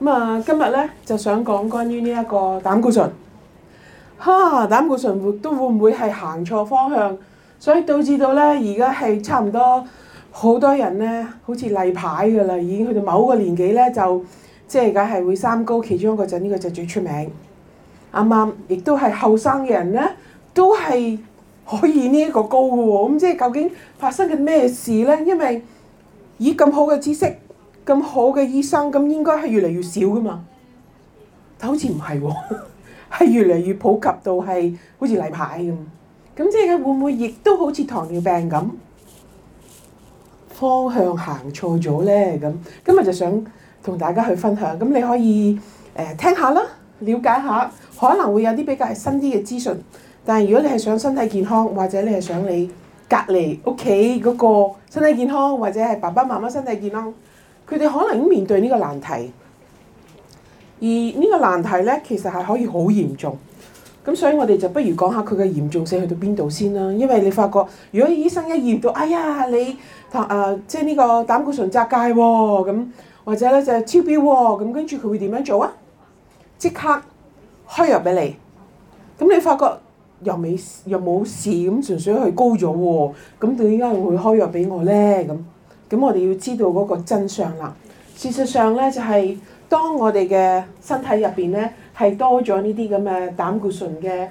咁啊，今日咧就想講關於呢一個膽固醇，嚇、啊、膽固醇會都會唔會係行錯方向，所以導致到咧而家係差唔多好多人咧，好似例牌嘅啦，已經去到某個年紀咧就即係而家係會三高，其中一個就呢個就最出名。啱啱亦都係後生嘅人咧，都係可以呢個高嘅喎，咁即係究竟發生緊咩事咧？因為以咁好嘅知識。咁好嘅醫生，咁應該係越嚟越少噶嘛？但好似唔係喎，係越嚟越普及到係好似例牌咁。咁即係會唔會亦都好似糖尿病咁方向行錯咗咧？咁今日就想同大家去分享。咁你可以誒、呃、聽一下啦，了解下可能會有啲比較係新啲嘅資訊。但係如果你係想身體健康，或者你係想你隔離屋企嗰個身體健康，或者係爸爸媽媽身體健康。佢哋可能面對呢個難題，而呢個難題咧，其實係可以好嚴重。咁所以我哋就不如講下佢嘅嚴重性去到邊度先啦。因為你發覺，如果醫生一驗到，哎呀你拍、呃、即係呢個膽固醇窄界喎、哦，咁或者咧就係超標喎、哦，咁跟住佢會點樣做啊？即刻開藥俾你。咁你發覺又未又冇事，咁純粹係高咗喎、哦，咁點解會開藥俾我咧？咁？咁我哋要知道嗰個真相啦。事實上咧，就係、是、當我哋嘅身體入邊咧，係多咗呢啲咁嘅膽固醇嘅誒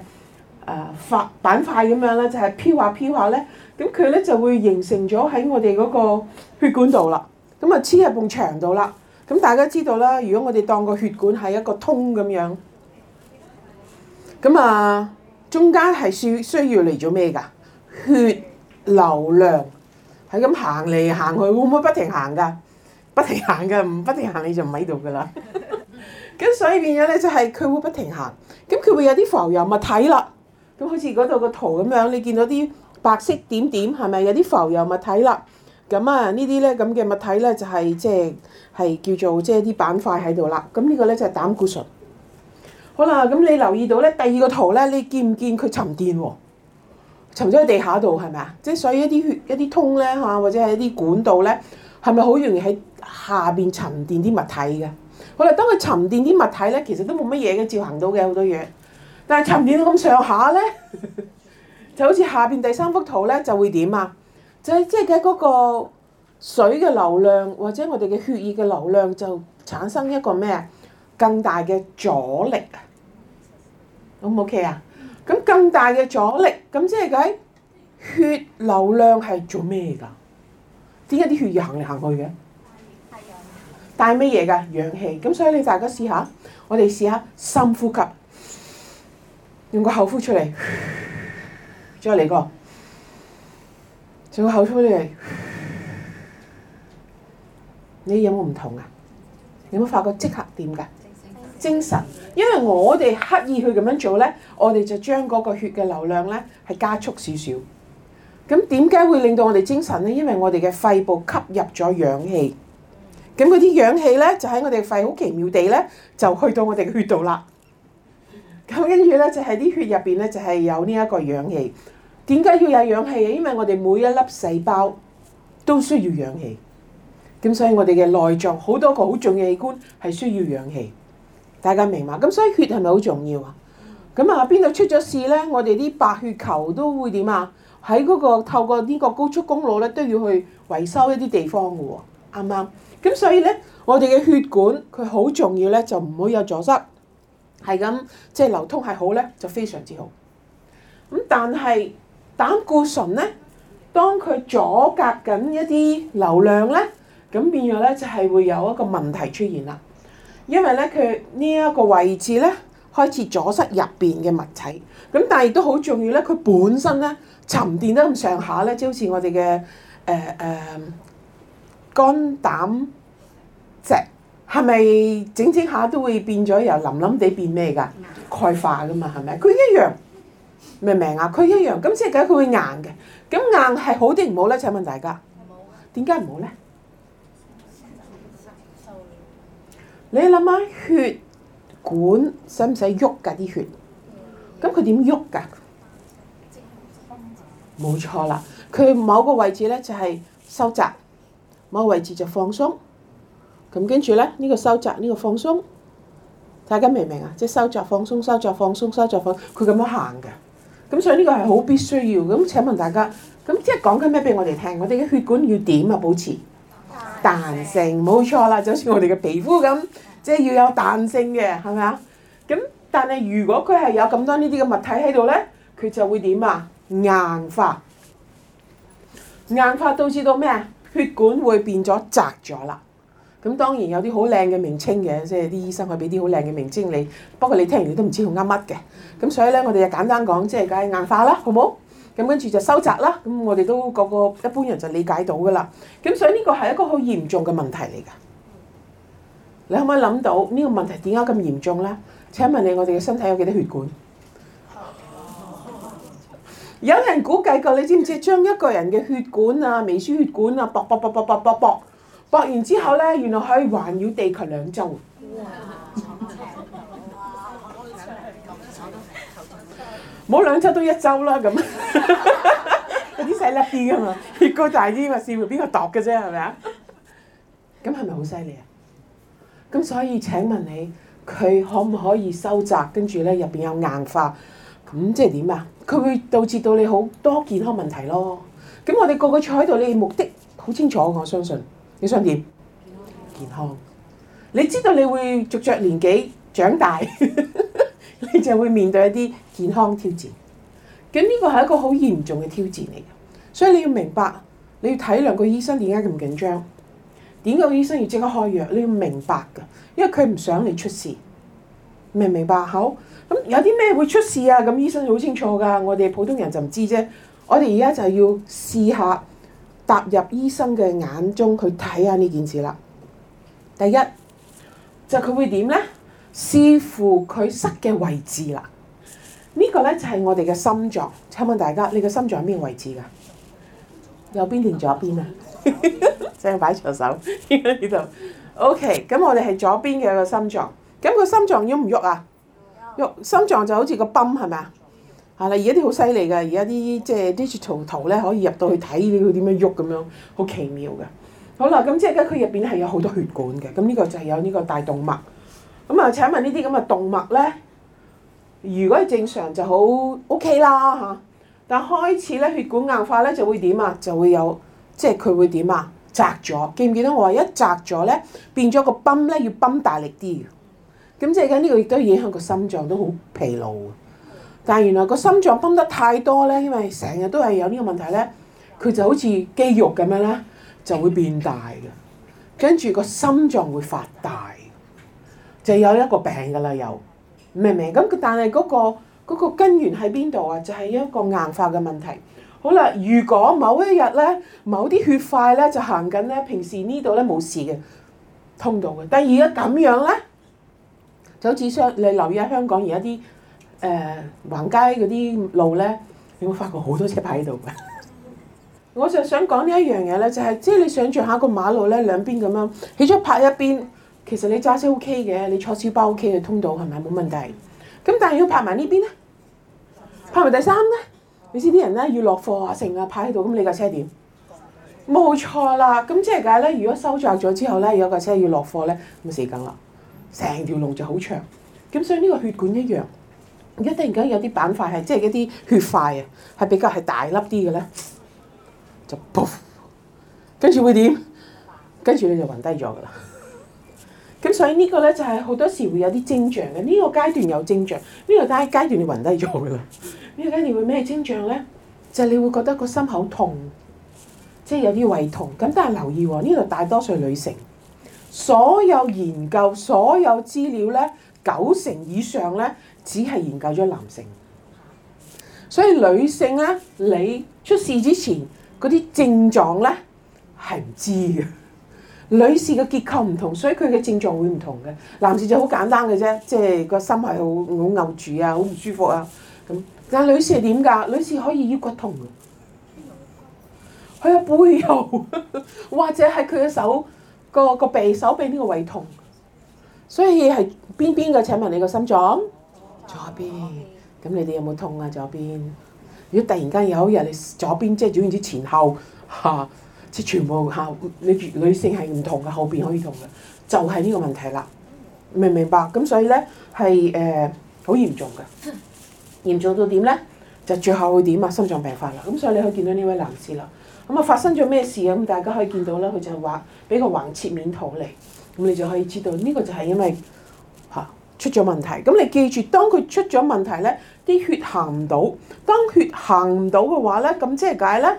塊板塊咁樣咧，就係飄下飄下咧，咁佢咧就會形成咗喺我哋嗰個血管度啦。咁啊黐喺埲牆度啦。咁大家知道啦，如果我哋當個血管係一個通咁樣，咁啊中間係需需要嚟做咩㗎？血流量。係咁行嚟行去，會唔會不停行噶？不停行噶，唔不停行你就唔喺度噶啦。咁所以變咗咧就係佢會不停行，咁佢會有啲浮游物體啦。咁好似嗰度個圖咁樣，你見到啲白色點點係咪有啲浮游物體啦？咁啊呢啲咧咁嘅物體咧就係即係係叫做即係啲板塊喺度啦。咁呢個咧就係、是、膽固醇。好啦，咁你留意到咧第二個圖咧，你見唔見佢沉澱喎？沉咗喺地下度，係咪啊？即係所以一啲血、一啲通咧嚇，或者係一啲管道咧，係咪好容易喺下邊沉澱啲物體嘅？好啦，當佢沉澱啲物體咧，其實都冇乜嘢嘅，照行到嘅好多嘢。但係沉澱到咁上下咧， 就好似下邊第三幅圖咧，就會點啊？就係即係喺嗰個水嘅流量，或者我哋嘅血液嘅流量，就產生一個咩？更大嘅阻力，O 唔 OK 啊？好咁更大嘅阻力，咁即係講血流量係做咩㗎？點解啲血要行嚟行去嘅？帶咩嘢㗎？氧氣。咁所以你大家試下，我哋試下深呼吸，用個口呼出嚟，再嚟個，用個口呼出嚟。你有冇唔同啊？有冇發覺即刻掂㗎？精神，因為我哋刻意去咁樣做咧，我哋就將嗰個血嘅流量咧係加速少少。咁點解會令到我哋精神咧？因為我哋嘅肺部吸入咗氧氣，咁嗰啲氧氣咧就喺我哋嘅肺好奇妙地咧就去到我哋嘅血度啦。咁跟住咧就喺啲血入邊咧就係有呢一個氧氣。點解要有氧氣啊？因為我哋每一粒細胞都需要氧氣。咁所以我哋嘅內臟好多個好重要器官係需要氧氣。大家明白咁，所以血係咪好重要啊？咁啊，邊度出咗事咧？我哋啲白血球都會點啊？喺嗰個透過呢個高速公路咧，都要去維修一啲地方嘅喎，啱唔啱？咁所以咧，我哋嘅血管佢好重要咧，就唔好有阻塞，係咁即係流通係好咧，就非常之好。咁但係膽固醇咧，當佢阻隔緊一啲流量咧，咁變咗咧就係會有一個問題出現啦。因為咧，佢呢一個位置咧，開始阻塞入邊嘅物體。咁但係亦都好重要咧，佢本身咧沉澱得咁上下咧，即好似我哋嘅、呃呃、肝膽石，係咪整整下都會變咗由腍腍地變咩㗎？鈣化㗎嘛，係咪？佢一樣明唔明啊？佢一樣，咁即係點解佢會硬嘅？咁硬係好定唔好咧？請問大家，點解唔好咧？你諗下血管使唔使喐噶啲血怎麼？咁佢點喐噶？冇錯喇，佢某個位置咧就係收窄，某個位置就是放鬆。咁跟住咧呢、這個收窄呢、這個放鬆，大家明唔明啊？即、就、係、是、收窄、放鬆、收窄、放鬆、收窄、放鬆，佢咁樣行嘅。咁所以呢個係好必須要。咁請問大家，咁即係講句咩畀我哋聽？我哋嘅血管要點啊保持？彈性冇錯啦，就好似我哋嘅皮膚咁，即係要有彈性嘅，係咪啊？咁但係如果佢係有咁多呢啲嘅物體喺度咧，佢就會點啊？硬化，硬化導致到咩啊？血管會變咗窄咗啦。咁當然有啲好靚嘅名稱嘅，即係啲醫生可以俾啲好靚嘅名稱你。不過你聽完你都唔知佢啱乜嘅。咁所以咧，我哋就簡單講，即係梗係硬化啦，好冇？咁跟住就收窄啦，咁我哋都個個一般人就理解到噶啦。咁所以呢個係一個好嚴重嘅問題嚟噶。你可唔可以諗到呢個問題點解咁嚴重咧？請問你我哋嘅身體有幾多血管，哦？有人估計過，你知唔知將一個人嘅血管啊、微絲血管啊，搏搏搏搏搏搏搏搏完之後咧，原來可以環繞地球兩周。冇兩週都一週啦，咁有啲細粒啲㗎嘛，血管大啲咪試下邊個度嘅啫，係咪啊？咁係咪好犀利啊？咁所以請問你，佢可唔可以收窄？跟住咧入邊有硬化，咁即係點啊？佢會導致到你好多健康問題咯。咁我哋個個坐喺度，你目的好清楚，我相信你想點？健康，你知道你會逐著年紀長大。你就會面對一啲健康挑戰，咁呢個係一個好嚴重嘅挑戰嚟嘅，所以你要明白，你要體諒個醫生點解咁緊張，點解個醫生要即刻開藥，你要明白噶，因為佢唔想你出事，明唔明白？好，咁有啲咩會出事啊？咁醫生好清楚噶，我哋普通人就唔知啫。我哋而家就係要試下踏入醫生嘅眼中去睇下呢件事啦。第一就佢會點咧？視乎佢塞嘅位置啦。這個、呢個咧就係、是、我哋嘅心臟。請問大家，你嘅心臟喺咩位置㗎？右邊定左邊啊？正擺長手呢度。OK，咁我哋係左邊嘅一個心臟。咁、那個心臟喐唔喐啊？喐，心臟就好似個泵係咪啊？係啦，而家啲好犀利㗎，而家啲即係 digital 圖咧，可以入到去睇佢點樣喐咁樣，好奇妙㗎。好啦，咁即係咧，佢入邊係有好多血管嘅。咁呢個就係有呢個大動脈。咁啊？請問呢啲咁嘅動物咧，如果係正常就好 OK 啦吓。但開始咧，血管硬化咧就會點啊？就會有，即係佢會點啊？窄咗，記唔記得？我話一窄咗咧，變咗個泵咧要泵大力啲咁，即係咁，呢個亦都影響個心臟都好疲勞。但係原來個心臟泵得太多咧，因為成日都係有呢個問題咧，佢就好似肌肉咁樣咧，就會變大嘅。跟住個心臟會發大。就有一個病嘅啦，又明唔明？咁但係嗰個嗰個根源喺邊度啊？就係一個硬化嘅問題。好啦，如果某一日咧，某啲血塊咧就行緊咧，平時呢度咧冇事嘅通道嘅。但而家咁樣咧，就好似想你留意下香港而家啲誒橫街嗰啲路咧，你會發覺好多車牌喺度嘅。 我就想講呢一樣嘢咧，就係即係你想象下一個馬路咧兩邊咁樣，起初拍一邊。其實你揸車 OK 嘅，你坐小包 OK 嘅，通道係咪冇問題的？咁但係要拍埋呢邊咧，拍埋第三咧，啊，你知啲人咧要落貨啊，成日派喺度，咁你架車點？冇錯啦，咁即係解咧？如果收窄咗之後咧，有架車要落貨咧，咁死梗啦，成條路就好長。咁所以呢個血管一樣，而家突然間有啲板塊係即係一啲血塊啊，係比較係大粒啲嘅咧，就 p 跟住會點？跟住你就暈低咗㗎啦。咁所以呢個咧就係好多時會有啲症狀嘅，呢個階段有症狀，呢個階階段你暈低咗噶啦，呢個階段會咩症狀咧？就係你會覺得個心口痛，即係有啲胃痛。咁但係留意喎，呢度大多數女性，所有研究所有資料咧，九成以上咧，只係研究咗男性。所以女性咧，你出事之前嗰啲症狀咧，係唔知嘅。女士嘅結構唔同，所以佢嘅症狀會唔同嘅。男士就好簡單嘅啫，即係個心係好好拗住啊，好唔舒服啊。咁但係女士係點㗎？女士可以腰骨痛，佢有背痛，或者係佢嘅手個個臂手臂呢個位痛。所以係邊邊嘅？請問你個心臟左邊？咁你哋有冇痛啊左邊？如果突然間有一日你左邊即係總言之前後嚇。即全部效，女女性係唔同嘅，後邊可以同嘅，就係、是、呢個問題啦。明唔明白？咁所以咧係誒好嚴重嘅，嚴重到點咧？就最後會點啊？心臟病發啦！咁所以你可以見到呢位男士啦。咁啊發生咗咩事啊？咁大家可以見到啦，佢就係話俾個橫切面圖嚟，咁你就可以知道呢、這個就係因為嚇、啊、出咗問題。咁你記住，當佢出咗問題咧，啲血行唔到。當血行唔到嘅話咧，咁即係解咧。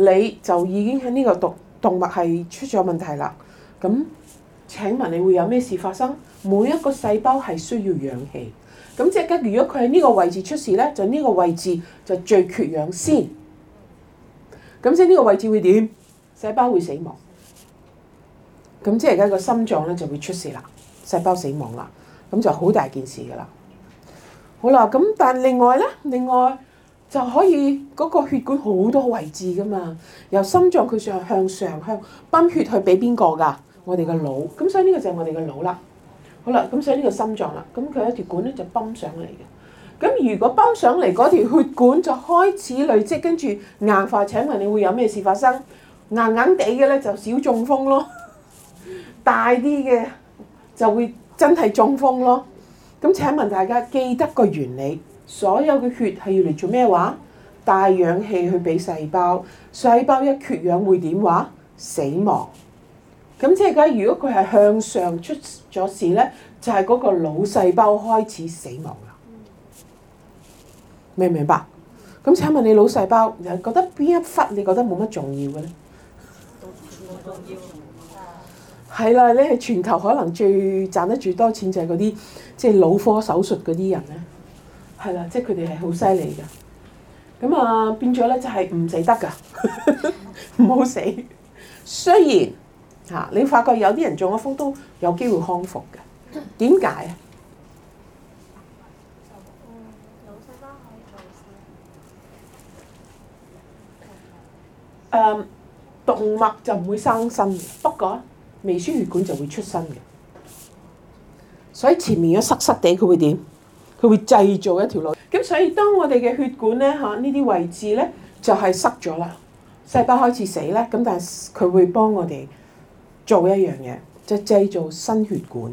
你就已經喺呢個動動物係出咗問題啦。咁請問你會有咩事發生？每一個細胞係需要氧氣。咁即係如果佢喺呢個位置出事呢，就呢個位置就最缺氧先。咁即係呢個位置會點？細胞會死亡。咁即係而家個心臟咧就會出事啦，細胞死亡啦，咁就好大件事噶啦。好啦，咁但另外呢？另外。就可以嗰、那個血管好多位置噶嘛，由心臟佢上向上向泵血去俾邊個噶？我哋個腦，咁所以呢個就係我哋個腦啦。好啦，咁所以呢個心臟啦，咁佢一條管咧就泵上嚟嘅。咁如果泵上嚟嗰條血管就開始累積，跟住硬化，請問你會有咩事發生？硬硬地嘅咧就小中風咯，大啲嘅就會真係中風咯。咁請問大家記得個原理？所有嘅血係要嚟做咩話？帶氧氣去俾細胞，細胞一缺氧會點話？死亡。咁即係講，如果佢係向上出咗事咧，就係、是、嗰個腦細胞開始死亡啦。明唔明白？咁請問你腦細胞你覺得邊一忽你覺得冇乜重要嘅咧？係啦，你係全球可能最賺得最多錢就係嗰啲即係腦科手術嗰啲人咧。係啦，即係佢哋係好犀利噶，咁啊變咗咧就係唔死得噶，唔好死。雖然嚇你發覺有啲人中咗風都有機會康復嘅，點解啊？誒，動脈就唔會生新嘅，不過微絲血管就會出新嘅。所以前面嘅塞塞哋，佢會點？佢會製造一條路，咁所以當我哋嘅血管咧嚇，呢啲位置咧就係、是、塞咗啦，細胞開始死咧，咁但係佢會幫我哋做一樣嘢，即、就、係、是、製造新血管，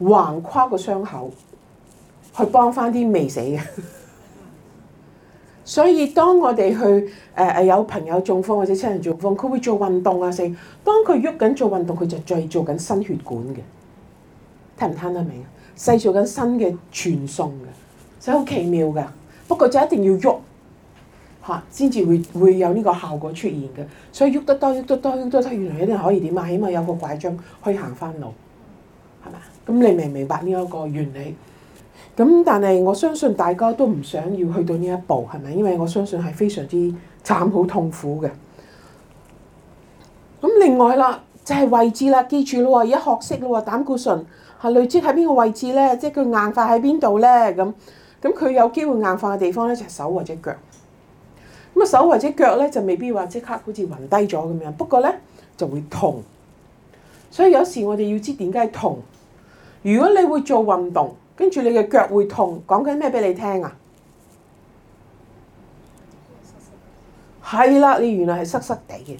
橫跨個傷口去幫翻啲未死嘅。 所以當我哋去誒誒有朋友中風或者親人中風，佢會做運動啊四，當佢喐緊做運動，佢就製造緊新血管嘅，聽唔聽得明啊？細做緊新嘅傳送嘅，所以好奇妙嘅。不過就一定要喐嚇，先至會會有呢個效果出現嘅。所以喐得多，喐得多，喐得多，原來一定可以點啊？起碼有個拐杖可以行翻路，係咪？咁你明唔明白呢一個原理？咁但係我相信大家都唔想要去到呢一步，係咪？因為我相信係非常之慘，好痛苦嘅。咁另外啦，就係位置啦，記住咯，而家學識咯，膽固醇。係累積喺邊個位置咧？即係佢硬化喺邊度咧？咁咁佢有機會硬化嘅地方咧，就係手或者腳。咁啊，手或者腳咧就未必話即刻好似暈低咗咁樣，不過咧就會痛。所以有時我哋要知點解痛。如果你會做運動，跟住你嘅腳會痛，講緊咩俾你聽啊？係啦，你原來係塞塞哋嘅。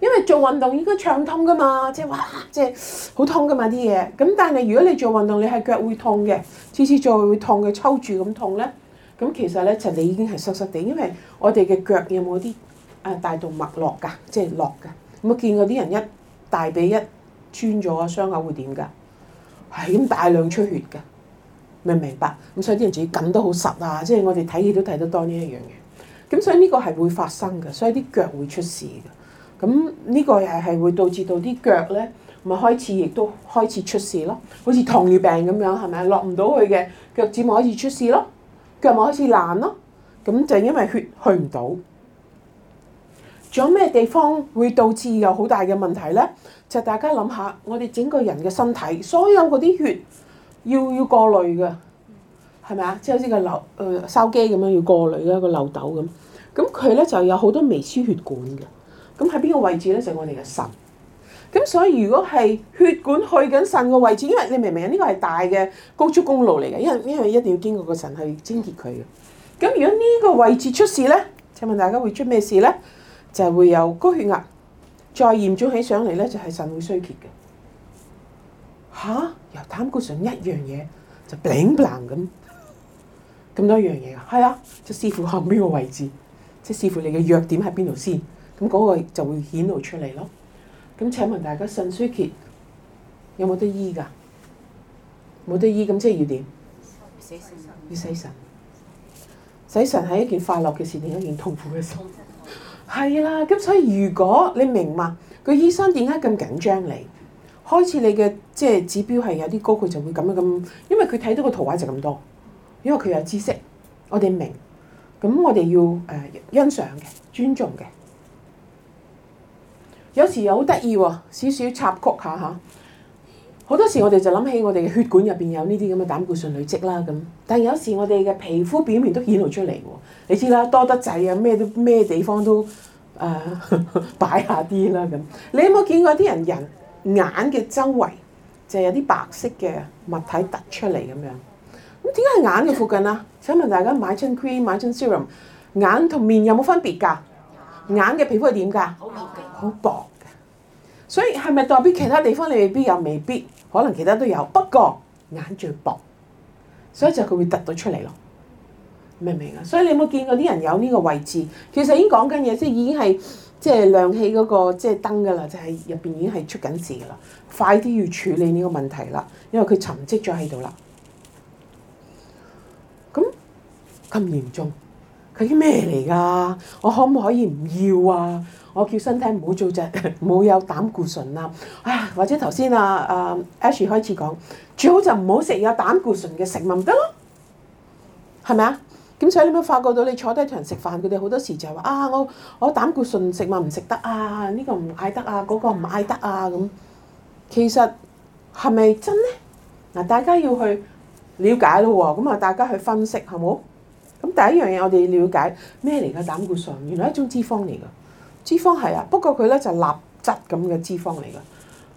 因為做運動應該暢通噶嘛，即係哇，即係好痛噶嘛啲嘢。咁但係如果你做運動，你係腳會痛嘅，次次做會痛嘅，抽住咁痛咧。咁其實咧就你已經係濕濕地，因為我哋嘅腳有冇啲啊大動脈落㗎，即係落㗎。咁我見嗰啲人一大髀一穿咗，傷口會點㗎？係咁大量出血㗎，明唔明白？咁所以啲人自己緊得好實啊！即係我哋睇戲都睇得多呢一樣嘢。咁所以呢個係會發生㗎，所以啲腳會出事㗎。咁呢個係係會導致到啲腳咧，咪開始亦都開始出事咯。好似糖尿病咁樣，係咪落唔到去嘅腳趾，咪開始出事咯，腳咪開始爛咯。咁就因為血去唔到。仲有咩地方會導致有好大嘅問題咧？就大家諗下，我哋整個人嘅身體，所有嗰啲血要要過濾嘅，係咪啊？即係好似個漏，誒，筲箕咁樣要過濾嘅個漏斗咁。咁佢咧就有好多微絲血管嘅。咁喺邊個位置咧？就係我哋嘅腎。咁所以如果係血管去緊腎個位置，因為你明唔明啊？呢個係大嘅高速公路嚟嘅，因為呢樣一定要經過個腎去清潔佢嘅。咁如果呢個位置出事咧，請問大家會出咩事咧？就係會有高血壓，再嚴重起上嚟咧，就係腎會衰竭嘅。嚇、啊！由膽固醇一樣嘢就 bling bling 咁咁多樣嘢啊，係啊，即係師傅後邊個位置，即係師傅你嘅弱點喺邊度先？咁、那、嗰個就會顯露出嚟咯。咁請問大家腎衰竭有冇得醫㗎？冇得醫，咁即係要點？要洗腎。洗腎係一件快樂嘅事定一件痛苦嘅事？係啦。咁所以如果你明嘛，個醫生點解咁緊張你，你開始你嘅即係指標係有啲高，佢就會咁樣咁，因為佢睇到個圖畫就咁多。因為佢有知識，我哋明咁，那我哋要誒欣賞嘅、尊重嘅。有時又好得意喎，少少插曲下嚇。好多時我哋就諗起我哋嘅血管入邊有呢啲咁嘅膽固醇累積啦咁。但有時我哋嘅皮膚表面都顯露出嚟喎。你知啦，多得滯啊，咩都咩地方都誒、呃、擺下啲啦咁。你有冇見過啲人人眼嘅周圍就係、有啲白色嘅物體突出嚟咁樣？咁點解係眼嘅附近啊？請問大家買樽 cream 買樽 serum，眼同面有冇分別㗎？眼嘅皮膚係點㗎？好薄嘅，所以係咪代表其他地方你未必，又未必，可能其他都有。不過眼最薄，所以就佢會凸到出嚟咯。明唔明啊？所以你有冇見過啲人有呢個位置？其實已經講緊嘢，即係已經係即係亮起嗰個即係燈噶啦，就係入邊已經係出緊事噶啦。快啲要處理呢個問題啦，因為佢沉積咗喺度啦。咁咁嚴重，佢啲咩嚟㗎？我可唔可以唔要啊？我叫身體唔好做就唔好有膽固醇啦，啊或者頭先啊啊 Ash 開始講，最好就唔好食有膽固醇嘅食物唔得咯，係咪啊？咁所以你咪發覺到你坐低同人食飯，佢哋好多時就話啊，我我膽固醇食物唔食得啊，呢個唔嗌得啊，嗰個唔嗌得啊咁。其實係咪真咧？嗱，大家要去了解咯喎，咁啊大家去分析好冇？咁第一樣嘢我哋了解咩嚟嘅膽固醇？原來係一種脂肪嚟㗎。脂肪係啊，不過佢咧就蠟質咁嘅脂肪嚟㗎。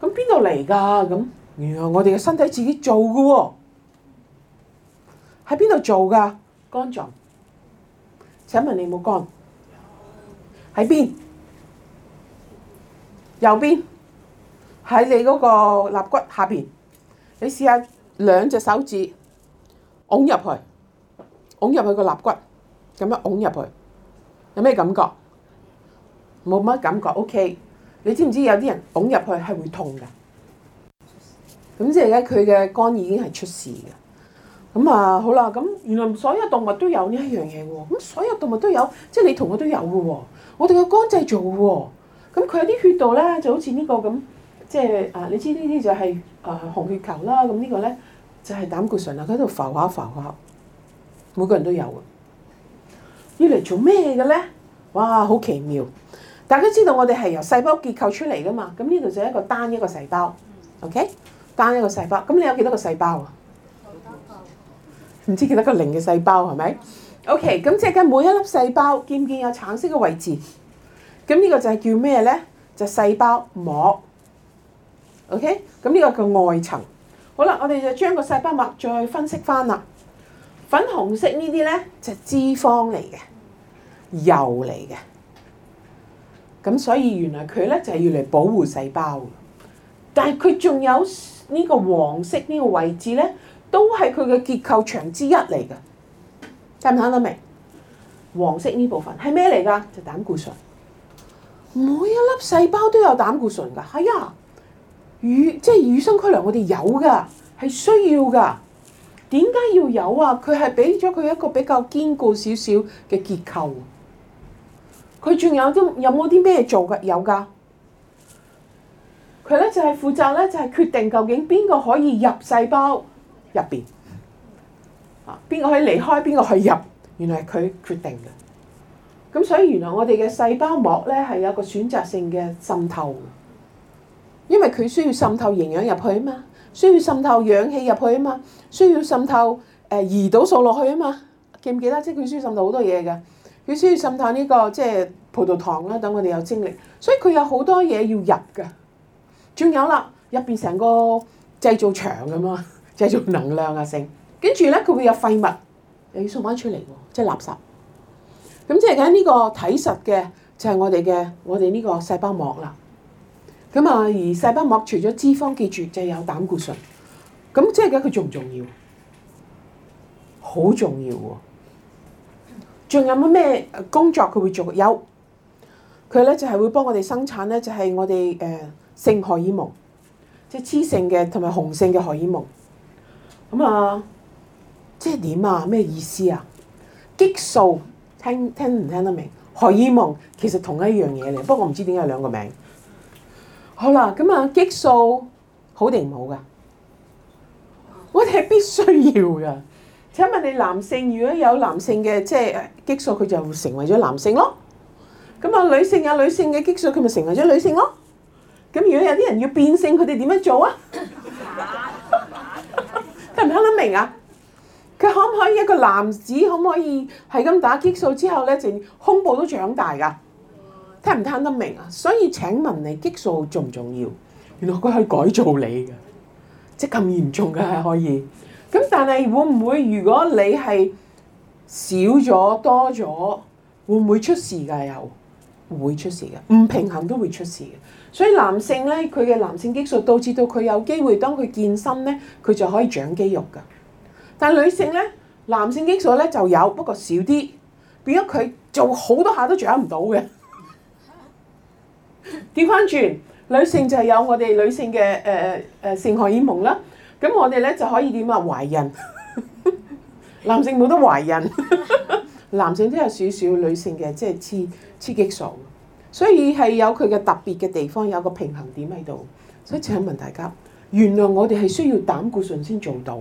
咁邊度嚟㗎？咁原來我哋嘅身體自己做嘅喎，喺邊度做㗎？肝臟。請問你有冇肝？有。喺邊？右邊。喺你嗰個肋骨下邊。你試下兩隻手指拱入去，拱入去個肋骨，咁樣拱入去，有咩感覺？冇乜感覺，OK。你知唔知有啲人捅入去係會痛㗎？咁即係咧，佢嘅肝已經係出事嘅。咁啊，好啦，咁原來所有動物都有呢一樣嘢喎。咁所有動物都有，即係你同我都有嘅喎。我哋嘅肝製造喎。咁佢喺啲血道咧，就好似呢個咁，即係啊，你知呢啲就係呃紅血球啦。咁呢個咧就係膽固醇啦，佢喺度浮下浮下。每個人都有。要嚟做咩嘅咧？哇，好奇妙！大家都知道我哋係由細胞結構出嚟噶嘛？咁呢度就一個單一個細胞，OK？單一個細胞，咁你有幾多個細胞啊？唔、嗯、知幾多個零嘅細胞係咪、嗯？OK？咁即係每一粒細胞，見唔見有橙色嘅位置？咁呢個就係叫咩咧？就係、細胞膜，OK？咁呢個叫外層。好啦，我哋就將個細胞膜再分析翻啦。粉紅色這些呢啲咧就係、脂肪嚟嘅，油嚟嘅。咁所以原來佢咧就係要嚟保護細胞嘅，但係佢仲有呢個黃色呢個位置咧，都係佢嘅結構牆之一嚟嘅。聽唔聽得明？黃色呢部分係咩嚟㗎？就膽固醇。每一粒細胞都有膽固醇㗎，係，哎，啊。與，即係與生俱來，我哋有㗎，係需要㗎。點解要有啊？佢係俾咗佢一個比較堅固少少嘅結構。佢仲有啲有冇啲咩做嘅？有噶，佢咧就係負責咧，就係決定究竟邊個可以入細胞入面啊？邊個可以離開，邊個可以入？原來係佢決定嘅。咁所以原來我哋嘅細胞膜咧係有個選擇性嘅滲透，因為佢需要滲透營養入去啊嘛，需要滲透氧氣入去啊嘛，需要滲透誒胰島素落去啊嘛，記唔記得？即係佢需要滲到好多嘢嘅。佢需要滲透呢個即係葡萄糖啦，等我哋有精力。所以佢有好多嘢要入嘅，仲有啦，入邊成個製造場咁啊，製造能量啊剩。跟住咧，佢會有廢物又要送翻出嚟喎，即係垃圾。咁即係講呢個體實嘅就係我哋嘅我哋呢個細胞膜啦。咁啊，而細胞膜除咗脂肪記住就係有膽固醇。咁即係講佢仲唔重要？好重要喎！仲有乜咩工作佢會做？有佢咧就係、是、會幫我哋生產咧，就係、是、我哋誒、呃、性荷爾蒙，即係雌性嘅同埋雄性嘅荷爾蒙。咁啊，即係點啊？咩意思啊？激素聽聽唔聽得明？荷爾蒙其實同一樣嘢嚟，不過我唔知點解兩個名。好啦，咁啊，激素好定唔好噶？我哋係必須要噶。請問你男性如果有男性嘅即係激素，佢就成為咗男性咯。咁啊，女性有女性嘅激素，佢咪成為咗女性咯？咁如果有啲人要變性，佢哋點樣做啊？聽唔聽得明啊？佢可唔可以一個男子可唔可以係咁打激素之後咧，就胸部都長大噶？聽唔聽得明啊？所以請問你激素重唔重要？原來佢可以改造你嘅，即係咁嚴重嘅係可以。咁但係會唔會如果你係少咗多咗，會唔會出事㗎？又會出事嘅，唔平衡都會出事嘅。所以男性咧，佢嘅男性激素導致到佢有機會，當佢健身咧，佢就可以長肌肉㗎。但係女性咧，男性激素咧就有，不過少啲，變咗佢做好多下都長唔到嘅。調翻轉，女性就係有我哋女性嘅誒誒性荷爾蒙啦。咁我哋咧就可以點啊，懷孕， 男性冇得懷孕， 男性都有少少女性嘅即係雌雌激素，所以係有佢嘅特別嘅地方，有個平衡點喺度。所以請問大家，原來我哋係需要膽固醇先做到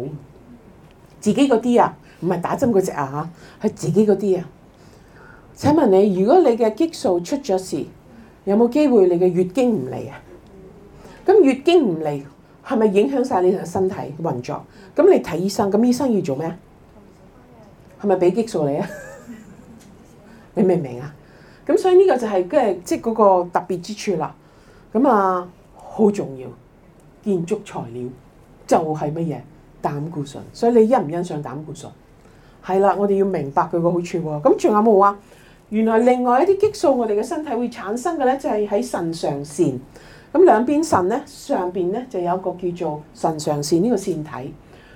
自己嗰啲啊，唔係打針嗰隻啊嚇，係自己嗰啲啊。請問你，如果你嘅激素出咗事，有冇機會你嘅月經唔嚟啊？咁月經唔嚟。係咪影響晒你嘅身體運作？咁你睇醫生，咁醫生要做咩啊？係咪俾激素 你啊？你明唔明啊？咁所以呢個就係即係即係嗰個特別之處啦。咁啊，好重要。建築材料就係乜嘢？膽固醇。所以你欣唔欣賞膽固醇？係啦，我哋要明白佢個好處。咁仲有冇啊？原來另外一啲激素，我哋嘅身體會產生嘅咧，就係喺腎上腺。咁兩邊腎咧，上邊咧就有一個叫做腎上腺呢個腺體。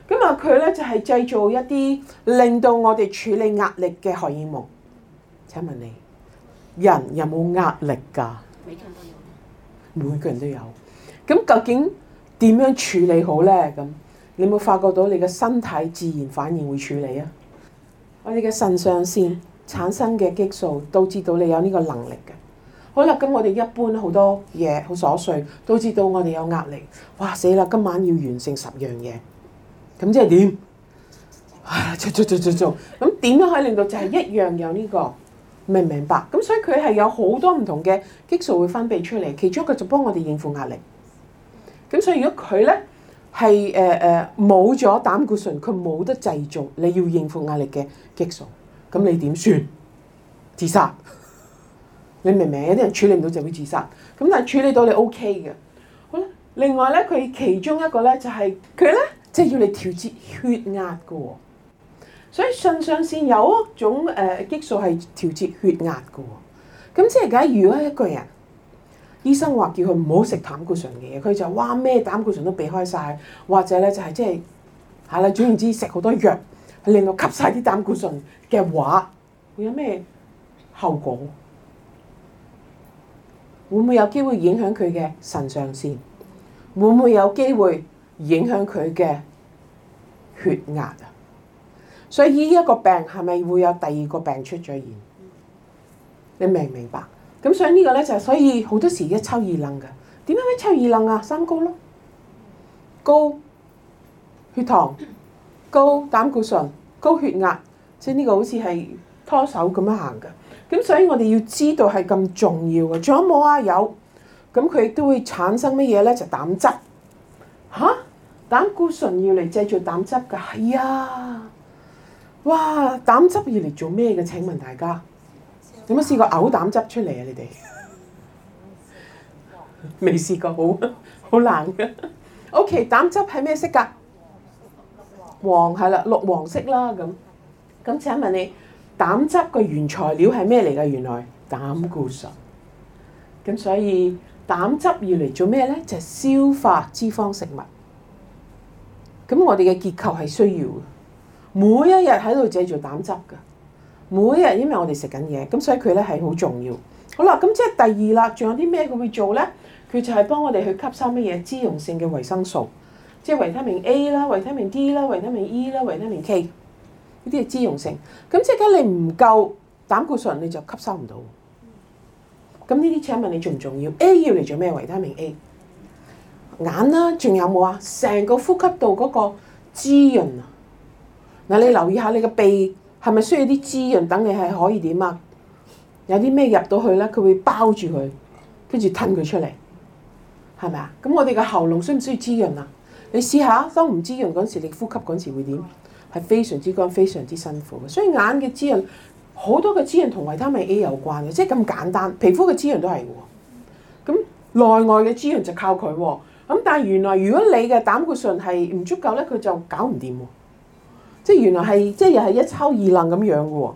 咁啊，佢咧就係製造一啲令到我哋處理壓力嘅荷爾蒙。請問你，人有冇壓力㗎？每個人都有。每個人都有。咁究竟點樣處理好咧？咁你冇發覺到你嘅身體自然反應會處理啊？我哋嘅腎上腺產生嘅激素，導致到你有呢個能力嘅。好啦，咁我哋一般好多嘢好瑣碎，導致到我哋有壓力。哇，死啦！今晚要完成十樣嘢，咁即係點？唉，做做做做做，咁點都可以令到就係一樣有呢個明唔明白？咁所以佢係有好多唔同嘅激素會分泌出嚟，其中一個就幫我哋應付壓力。咁所以如果佢咧係誒誒冇咗膽固醇，佢冇得製造你要應付壓力嘅激素，咁你點算？自殺。你明唔明有啲人處理唔到就會自殺，咁但係處理到你 O K 嘅。好啦，另外咧，佢其中一個咧就係佢咧，即係要你調節血壓嘅喎。所以腎上腺有一種誒激素係調節血壓嘅喎。咁即係假如如一個人，醫生話叫佢唔好食膽固醇嘅嘢，佢就哇咩膽固醇都避開晒，或者咧就係即係係啦，總言之食好多藥令到吸晒啲膽固醇嘅話，會有咩後果？會唔會有機會影響佢嘅腎上腺？會唔會有機會影響佢嘅血壓啊？所以呢一個病係咪會有第二個病出咗現？你明唔明白嗎？咁所以個呢個咧就係，所以好多時一抽二掕噶。點解會一抽二掕啊？三高咯，高血糖、高膽固醇、高血壓，即係呢個好似係拖手咁樣行噶。咁所以我哋要知道係咁重要嘅，仲有冇啊？有，咁佢亦都會產生乜嘢咧？就膽汁。嚇，膽固醇要嚟製造膽汁㗎，係啊。哇，膽汁要嚟做咩嘅？請問大家有冇試過嘔膽汁出嚟啊？你哋未試過，好，好難㗎。OK，膽汁係咩色㗎？黃係啦，綠黃色啦咁。咁請問你？膽汁嘅原材料係咩嚟㗎？原來膽固醇。咁所以膽汁要嚟做咩咧？就係、是、消化脂肪食物。咁我哋嘅結構係需要嘅，每一日喺度製造膽汁嘅，每一日因為我哋食緊嘢，咁所以佢咧係好重要。好啦，咁即係第二啦，仲有啲咩佢會做咧？佢就係幫我哋去吸收乜嘢脂溶性嘅維生素，即係維他命 A 啦、維他命 D 啦、維他命 E 啦、維他命 K。呢啲係脂溶性，咁即刻你唔夠膽固醇，你就吸收唔到。咁呢啲請問你仲唔重要？A 要嚟做咩維他命 A？眼啦，仲有冇啊？成個呼吸道嗰個滋潤啊！嗱，你留意下你個鼻係咪需要啲滋潤？等你係可以點啊？有啲咩入到去咧？佢會包住佢，跟住吞佢出嚟，係咪啊？咁我哋嘅喉嚨需唔需要滋潤啊？你試下都唔滋潤嗰時，你呼吸嗰時會點？係非常之乾，非常之辛苦嘅。所以眼嘅滋潤好多嘅滋潤同維他命 A 有關嘅，即係咁簡單。皮膚嘅滋潤都係喎，咁內外嘅滋潤就靠佢喎。咁但係原來如果你嘅膽固醇係唔足夠咧，佢就搞唔掂喎。即係原來係即係又係一抽二掕咁樣嘅喎。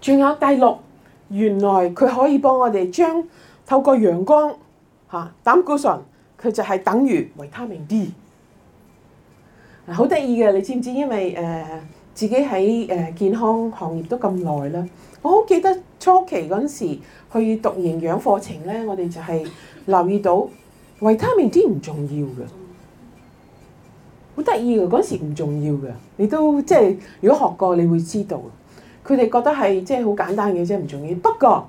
仲有第六，原來佢可以幫我哋將透過陽光吓膽固醇，佢就係等於維他命 D。好得意嘅，你知唔知？因為誒自己喺誒健康行業都咁耐啦，我好記得初期嗰陣時去讀營養課程咧，我哋就係留意到維他命 D 唔重要嘅，好得意嘅，嗰陣時唔重要嘅，你都即係如果學過，你會知道，佢哋覺得係即係好簡單嘅啫，唔重要。不過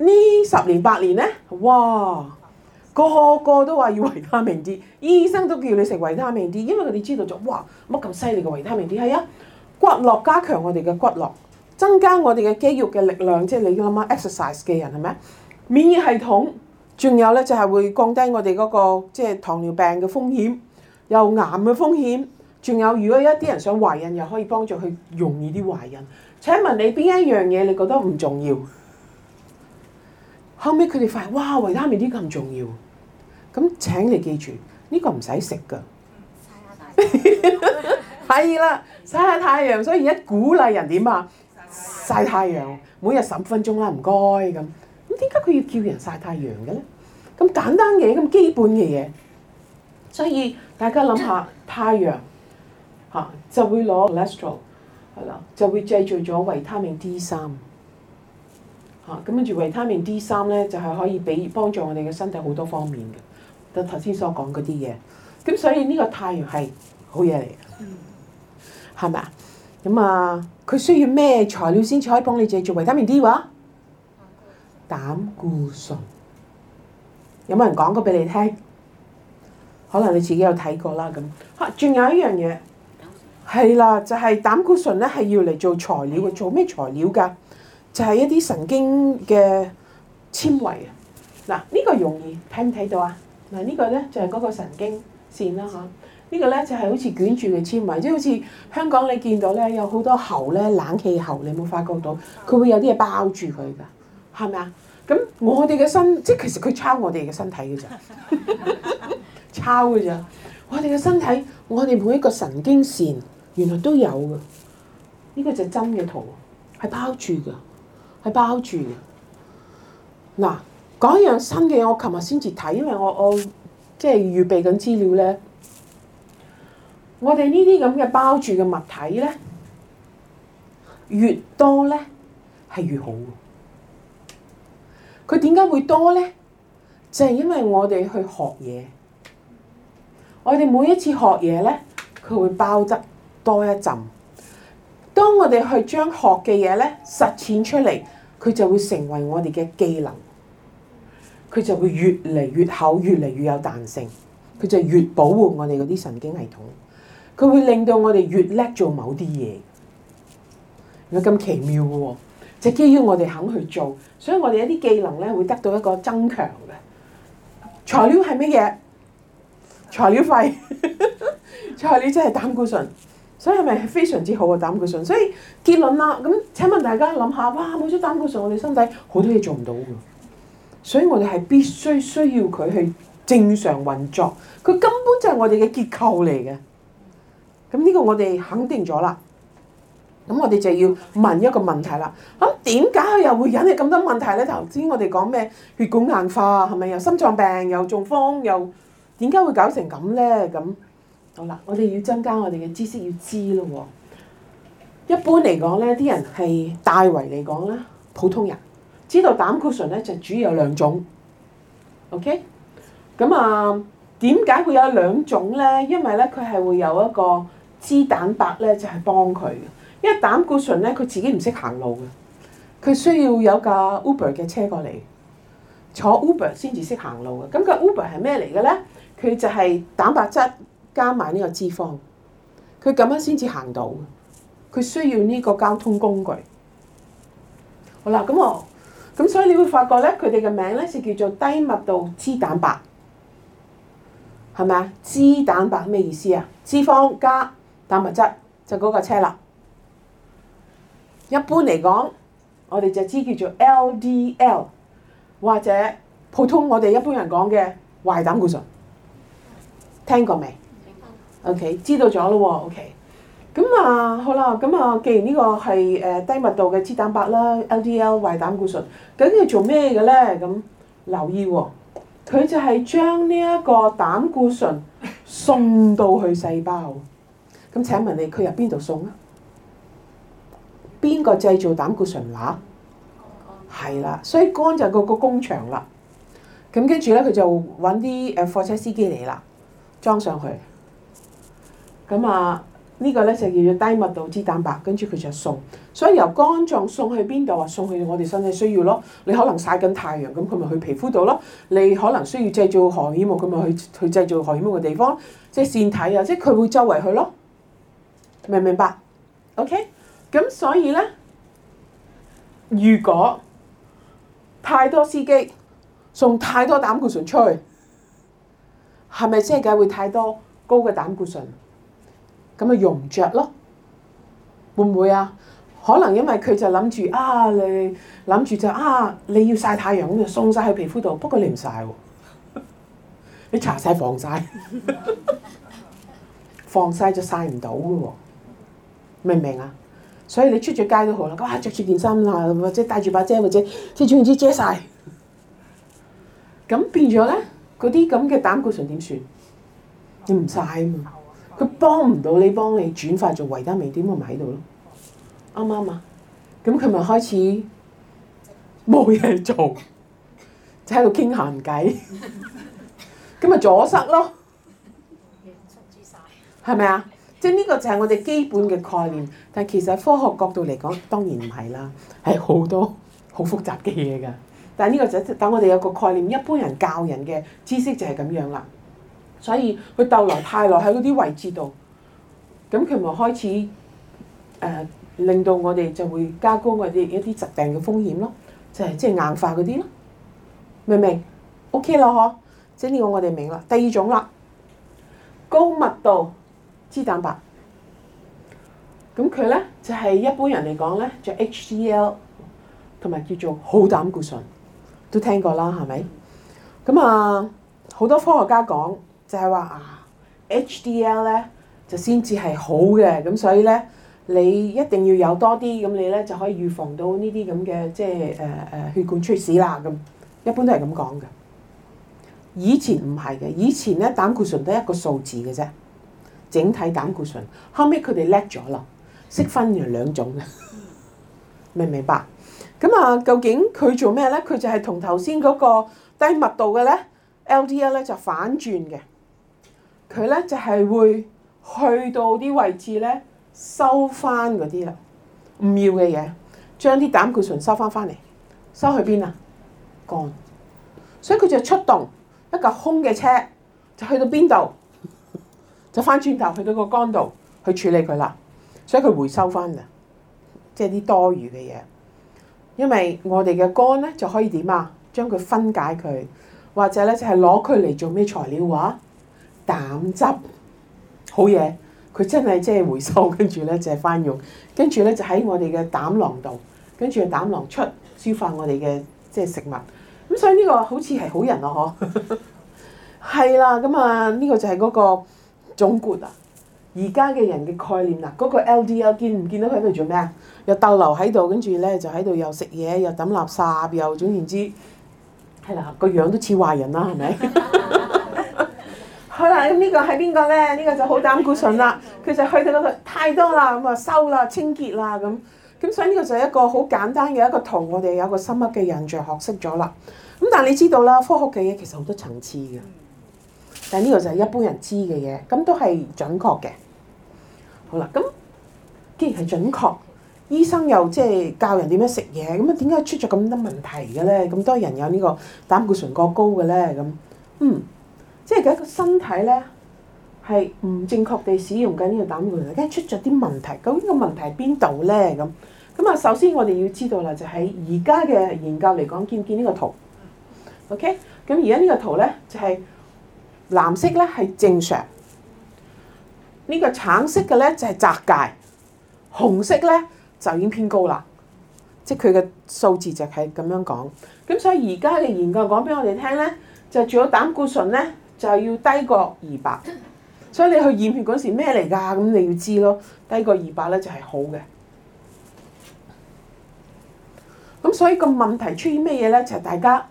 呢十年八年咧，哇！個個都話要維他命 D，醫生都叫你食維他命 D，因為佢哋知道咗，哇，乜咁犀利嘅維他命 D 係啊，骨骼加強我哋嘅骨骼，增加我哋嘅肌肉嘅力量，即係你諗下 exercise 嘅人係咪？免疫系統，仲有咧就係會降低我哋嗰個即係糖尿病嘅風險，又癌嘅風險，仲有如果一啲人想懷孕又可以幫助佢容易啲懷孕。請問你邊一樣嘢你覺得唔重要？後尾佢哋發現哇，維他命 D 咁重要。咁請你記住，呢、這個唔使食噶，曬下太陽係啦，曬 下太陽，所以而家鼓勵人點啊？曬太，太，太，太，太陽，每日十五分鐘啦，唔該咁。咁點解佢要叫人曬太陽嘅咧？咁簡單嘅，咁基本嘅嘢。所以大家諗下， 太陽嚇、啊、就會攞 cholesterol 係啦，就會製造咗維他命 D 三嚇。咁跟住維他命 D 三咧，就係、是、可以俾幫助我哋嘅身體好多方面嘅。就頭先所講嗰啲嘢，咁所以呢個太陽係好嘢嚟，係咪啊？咁啊，佢需要咩材料先至可以幫你哋做維他命 D 喎？膽固醇，膽固醇有冇人講過畀你聽？可能你自己有睇過啦。咁嚇，仲、啊、有一樣嘢係啦，就係、是、膽固醇咧，係要嚟做材料嘅、嗯，做咩材料㗎？就係、是、一啲神經嘅纖維啊！嗱，呢、這個容易睇唔睇到啊？嗱、這個、呢個咧就係、是、嗰個神經線啦嚇，這個、呢個咧就係、是、好似捲住嘅纖維，即係好似香港你見到咧有好多喉咧冷氣喉，你冇發覺到佢會有啲嘢包住佢㗎？係咪啊？咁我哋嘅身即係其實佢抄我哋嘅身體嘅咋， 抄嘅咋，我哋嘅身體，我哋每一個神經線原來都有嘅。呢、這個就係針嘅圖，係包住嘅，係包住嘅。嗱。講一樣新嘅嘢，我琴日先至睇，因為我我即係、就是、預備緊資料咧。我哋呢啲咁嘅包住嘅物體咧，越多咧係越好。佢點解會多咧？就係、是、因為我哋去學嘢，我哋每一次學嘢咧，佢會包得多一浸。當我哋去將學嘅嘢咧實踐出嚟，佢就會成為我哋嘅技能。佢就會越嚟越厚，越嚟越有彈性。佢就越保護我哋嗰啲神經系統。佢會令到我哋越叻做某啲嘢。有咁奇妙嘅喎，就基於我哋肯去做。所以我哋一啲技能咧會得到一個增強嘅。材料係咩嘢？材料費， 材料真係膽固醇。所以咪非常之好嘅膽固醇。所以結論啦，咁請問大家諗下，哇冇咗膽固醇，我哋身體好多嘢做唔到嘅。所以我哋係必須需要佢去正常運作，佢根本就係我哋嘅結構嚟嘅。咁呢個我哋肯定咗啦。咁我哋就要問一個問題啦。咁點解佢又會引起咁多問題咧？頭先我哋講咩血管硬化啊，係咪又心臟病又中風又？點解會搞成咁咧？咁好啦，我哋要增加我哋嘅知識要知咯喎。一般嚟講咧，啲人係大圍嚟講啦，普通人。知道膽固醇咧就主要有兩種，OK？咁啊，點解會有兩種咧？因為咧，佢係會有一個脂蛋白咧，就係幫佢嘅。因為膽固醇咧，佢自己唔識行路嘅，佢需要有架 Uber 嘅車過嚟，坐 Uber 先至識行路嘅。咁個 Uber 係咩嚟嘅咧？佢就係蛋白質加埋呢個脂肪，佢咁樣先至行到。佢需要呢個交通工具。好啦，咁我。咁所以你會發覺咧，佢哋嘅名咧就叫做低密度脂蛋白，係咪啊？脂蛋白咩意思啊？脂肪加蛋白質就嗰個車啦。一般嚟講，我哋就知叫做 LDL，或者普通我哋一般人講嘅壞膽固醇，聽過未？OK，知道咗咯喎，OK。咁啊，好啦，咁啊，既然呢個係誒低密度嘅脂蛋白啦，LDL 壞膽固醇，究竟係做咩嘅咧？咁留意喎、哦，佢就係將呢一個膽固醇送到去細胞。咁請問你佢入邊度送啊？邊個製造膽固醇啊？肝係啦，所以肝就係個個工場啦。咁跟住咧，佢就揾啲誒貨車司機嚟啦，裝上去。咁啊～這個、呢個咧就叫做低密度脂蛋白，跟住佢就送，所以由肝臟送去邊度啊？送去我哋身體需要咯。你可能晒緊太陽，咁佢咪去皮膚度咯。你可能需要製造荷爾蒙，佢咪去去製造荷爾蒙嘅地方。即係腺體啊，即係佢會周圍去咯。明唔明白？OK。咁所以咧，如果太多司機送太多膽固醇出去，係咪即係會太多高嘅膽固醇？咁咪用唔着咯？會唔會啊？可能因為佢就諗住啊，你諗住就啊，你要晒太陽咁就鬆晒喺皮膚度。不過你唔晒喎，啊，你搽晒防曬，防曬就曬唔到嘅喎，明唔明啊？所以你出咗街都好啦，咁啊着住件衫啦，或者戴住把遮或者即係總言之遮曬。咁變咗咧，嗰啲咁嘅膽固醇點算？你唔曬嘛？佢幫唔到你，幫你轉化做維他命 D 咪咪喺度咯，啱唔啱啊？咁佢咪開始冇嘢做，就喺度傾閒偈，咁咪阻塞咯，係咪啊？即係呢個就係我哋基本嘅概念，但係其實科學角度嚟講，當然唔係啦，係好多好複雜嘅嘢㗎。但係呢個就等我哋有個概念，一般人教人嘅知識就係咁樣啦。所以佢逗留太耐喺嗰啲位置度，咁佢咪開始誒、呃、令到我哋就會加高我哋一啲疾病嘅風險咯，就係即係硬化嗰啲咯，明唔明？OK 啦，嗬，即係呢個我哋明啦。第二種啦，高密度脂蛋白，咁佢咧就係、是、一般人嚟講咧就 HDL，同埋叫做好膽固醇，都聽過啦，係咪？咁啊，好多科學家講。就係話啊，HDL 咧就先至係好嘅，咁所以咧你一定要有多啲，咁你咧就可以預防到呢啲咁嘅即係、呃、血管出事啦。咁一般都係咁講嘅。以前唔係嘅，以前咧膽固醇得一個數字嘅啫，整體膽固醇。後尾佢哋叻咗喇，識分完兩種嘅，明唔明白？咁啊，究竟佢做咩咧？佢就係同頭先嗰個低密度嘅咧，LDL 咧就反轉嘅。佢咧就係會去到啲位置咧收翻嗰啲啦，唔要嘅嘢，將啲膽固醇收翻翻嚟，收去邊啊？肝，所以佢就出動一架空嘅車，就去到邊度，就翻轉頭去到個肝度去處理佢啦。所以佢回收翻嘅，即係啲多餘嘅嘢。因為我哋嘅肝咧就可以點啊？將佢分解佢，或者咧就係攞佢嚟做咩材料話？膽汁好嘢，佢真係即係回收，跟住咧就係、是、翻用，跟住咧就喺我哋嘅膽囊度，跟住膽囊出消化我哋嘅即係食物。咁所以呢個好似係好人咯，嗬？係啦，咁啊呢個就係嗰個總括啊。而家嘅人嘅概念啊。嗰、那個 L D L 見唔見到佢喺度做咩啊？又逗留喺度，跟住咧就喺度又食嘢，又抌垃圾，又總言之，係啦，個樣都似壞人啦，係咪？ 好啦，咁呢個係邊個咧？呢個就好膽固醇啦，佢就去到度太多啦，咁啊收啦，清潔啦咁。咁所以呢個就係一個好簡單嘅一個圖，我哋有個深刻嘅印象，學識咗啦。咁但係你知道啦，科學嘅嘢其實好多層次嘅。但係呢個就係一般人知嘅嘢，咁都係準確嘅。好啦，咁既然係準確，醫生又即係教人點樣食嘢，咁啊點解出咗咁多問題嘅咧？咁多人有呢個膽固醇過高嘅咧？咁嗯。即係佢一個身體咧，係唔正確地使用緊呢個膽固醇，跟住出咗啲問題。究竟呢個問題喺邊度咧？咁咁啊，首先我哋要知道啦，就喺而家嘅研究嚟講，見唔見呢個圖？OK，咁而家呢個圖咧就係藍色咧係正常，呢個橙色嘅咧就係界，紅色咧就已經偏高啦。即係佢嘅數字就係咁樣講。咁所以而家嘅研究講俾我哋聽咧，就係除咗膽固醇咧。就係要低過二百，所以你去驗血嗰時咩嚟㗎？咁你要知咯，低過二百咧就係好嘅。咁所以個問題出現咩嘢咧？就係、是、大家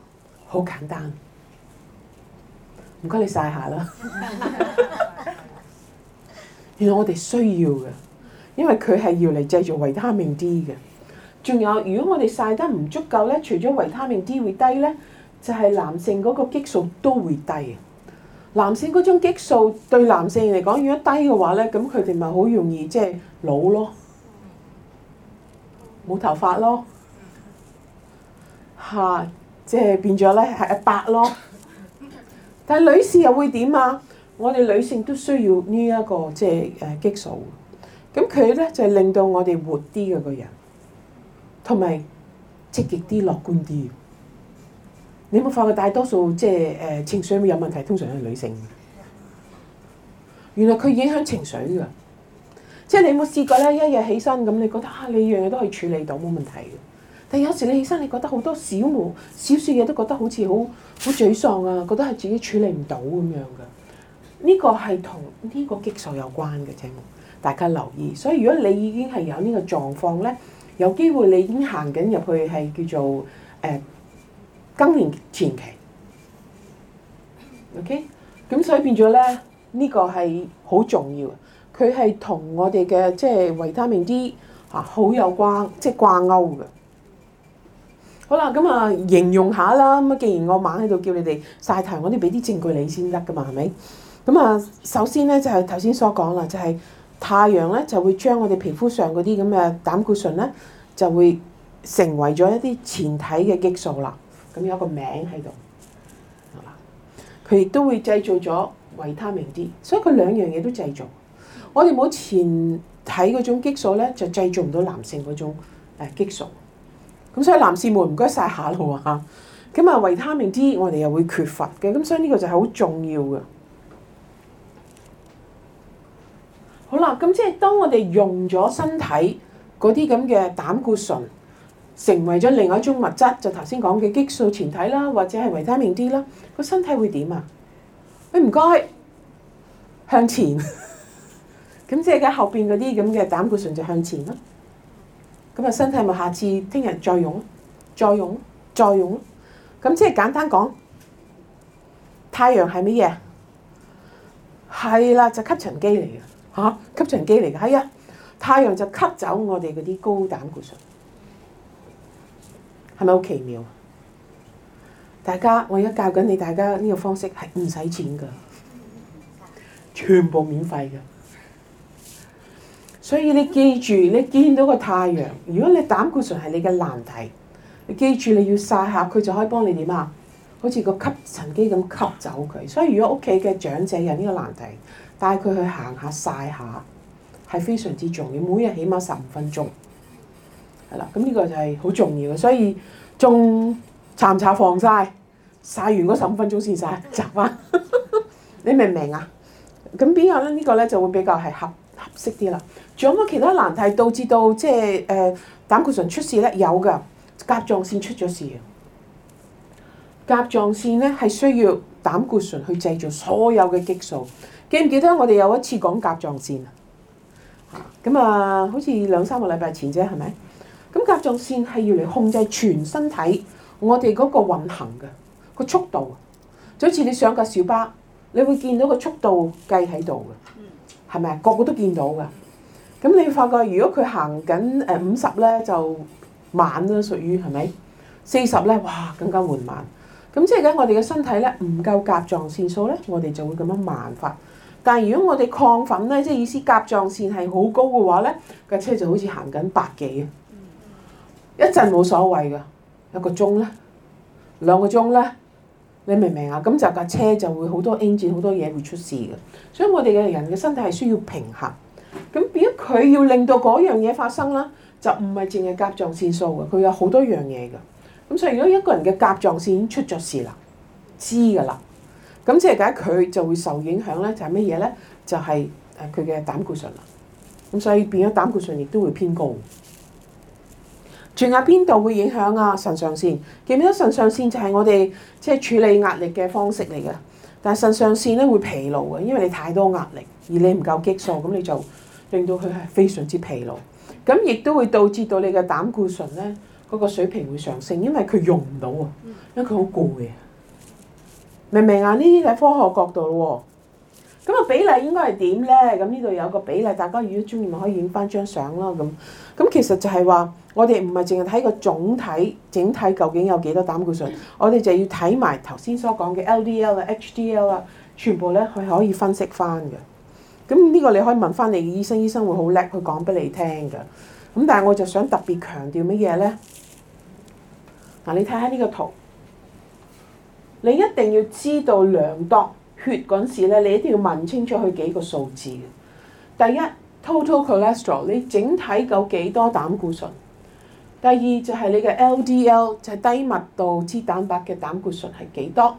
好簡單，唔該你曬下啦。 原來我哋需要嘅，因為佢係要嚟製造維他命 D 嘅。仲有，如果我哋曬得唔足夠咧，除咗維他命 D 會低咧，就係、是、男性嗰個激素都會低。男性嗰種激素對男性嚟講，如果低嘅話咧，咁佢哋咪好容易即係老咯，冇頭髮咯，吓即係變咗咧係白咯。但係女士又會點啊？我哋女性都需要呢一個即係誒激素，咁佢咧就令到我哋活啲嘅個人，同埋積極啲樂觀啲。你有冇發覺大多數即係誒情緒有問題，通常係女性。原來佢影響情緒㗎，即係你有冇試過咧，一日起身咁，你覺得啊，你樣嘢都可以處理到冇問題嘅。但有時你起身，你覺得好多小無小少嘢都覺得好似好好沮喪啊，覺得係自己處理唔到咁樣嘅。呢、呢個係同呢個激素有關嘅啫，大家留意。所以如果你已經係有呢個狀況咧，有機會你已經行緊入去係叫做誒，呃更年前期，OK，咁所以變咗咧，呢個係好重要嘅。佢係同我哋嘅即係維他命 D 啊好有關，即係掛鈎嘅。好啦，咁啊形容下啦。咁啊，既然我猛喺度叫你哋曬太陽，我哋俾啲證據你先得㗎嘛，係咪？咁啊，首先咧就係頭先所講啦，就係太陽咧就會將我哋皮膚上嗰啲咁嘅膽固醇咧就會成為咗一啲前體嘅激素啦。咁有個名喺度，佢亦都會製造咗維他命 D，所以佢兩樣嘢都製造。我哋冇前體嗰種激素咧，就製造唔到男性嗰種誒激素。咁所以男士們唔該晒下路啊！咁啊維他命 D 我哋又會缺乏嘅，咁所以呢個就係好重要嘅。好啦，咁即係當我哋用咗身體嗰啲咁嘅膽固醇。成為咗另外一種物質，就頭先講嘅激素前體啦，或者係維他命 D 啦，個身體會點啊？喂，唔該，向前，咁 即係喺後邊嗰啲咁嘅膽固醇就向前咯。咁啊，身體咪下次聽日再用咯，再用咯，再用咯。咁即係簡單講，太陽係乜嘢？係啦，就吸塵機嚟嘅嚇，吸塵機嚟嘅係啊！太陽就吸走我哋嗰啲高膽固醇。係咪好奇妙？大家我而家教緊你，大家呢個方式係唔使錢㗎，全部免費㗎。所以你記住，你見到個太陽，如果你膽固醇係你嘅難題，你記住你要晒下，佢就可以幫你點啊？好似個吸塵機咁吸走佢。所以如果屋企嘅長者有呢個難題，帶佢去行下晒下，係非常之重要。每日起碼十五分鐘。係啦，咁呢個就係好重要嘅，所以仲搽唔搽防晒？晒完嗰十五分鐘先晒，擲翻，你明唔明啊？咁邊個咧？呢個咧就會比較係合合適啲啦。仲有冇其他難題導致到即係誒膽固醇出事咧？有㗎，甲狀腺出咗事啊！甲狀腺咧係需要膽固醇去製造所有嘅激素。記唔記得我哋有一次講甲狀腺啊？咁啊、呃，好似兩三個禮拜前啫，係咪？咁甲狀腺係要嚟控制全身體我哋嗰個運行嘅個速度，就好似你上架小巴，你會見到個速度計喺度嘅，係咪啊？個個都見到㗎。咁你會發覺如果佢行緊誒五十咧，就慢啦，屬於係咪四十咧？哇，更加緩慢。咁即係而家我哋嘅身體咧唔夠甲狀腺素咧，我哋就會咁樣慢法。但係如果我哋亢奮咧，即係意思是甲狀腺係好高嘅話咧，架車就好似行緊百幾啊！一陣冇所謂㗎，一個鐘咧，兩個鐘咧，你明唔明啊？咁就架車就會好多 engine 好多嘢會出事㗎。所以我哋嘅人嘅身體係需要平衡。咁變咗佢要令到嗰樣嘢發生啦，就唔係淨係甲狀腺素㗎，佢有好多樣嘢㗎。咁所以如果一個人嘅甲狀腺已經出咗事啦，知㗎啦，咁即係解佢就會受影響咧，就係咩嘢咧？就係誒佢嘅膽固醇啦。咁所以變咗膽固醇亦都會偏高。住喺邊度會影響啊，腎上腺，記唔記得腎上腺就係我哋即係處理壓力嘅方式嚟嘅。但係腎上腺咧會疲勞嘅，因為你太多壓力，而你唔夠激素，咁你就令到佢係非常之疲勞。咁亦都會導致到你嘅膽固醇咧嗰個水平會上升，因為佢用唔到啊，因為佢好攰啊。明唔明啊？呢啲就係科學角度喎，啊。咁啊個比例應該係點咧？咁呢度有個比例，大家如果中意咪可以影翻張相咯咁。咁其實就係話，我哋唔係淨係睇個總體整體究竟有幾多膽固醇，我哋就要睇埋頭先所講嘅 LDL 啊、HDL 啊，全部咧佢可以分析翻嘅。咁呢個你可以問翻你嘅醫生，醫生會好叻，佢講俾你聽嘅。咁但係我就想特別強調乜嘢咧？嗱，你睇下呢個圖，你一定要知道量度。血嗰陣時咧，你一定要問清楚佢幾個數字嘅。第一，Total cholesterol，你整體有幾多膽固醇？第二就係、是、你嘅 LDL，就係低密度脂蛋白嘅膽固醇係幾多？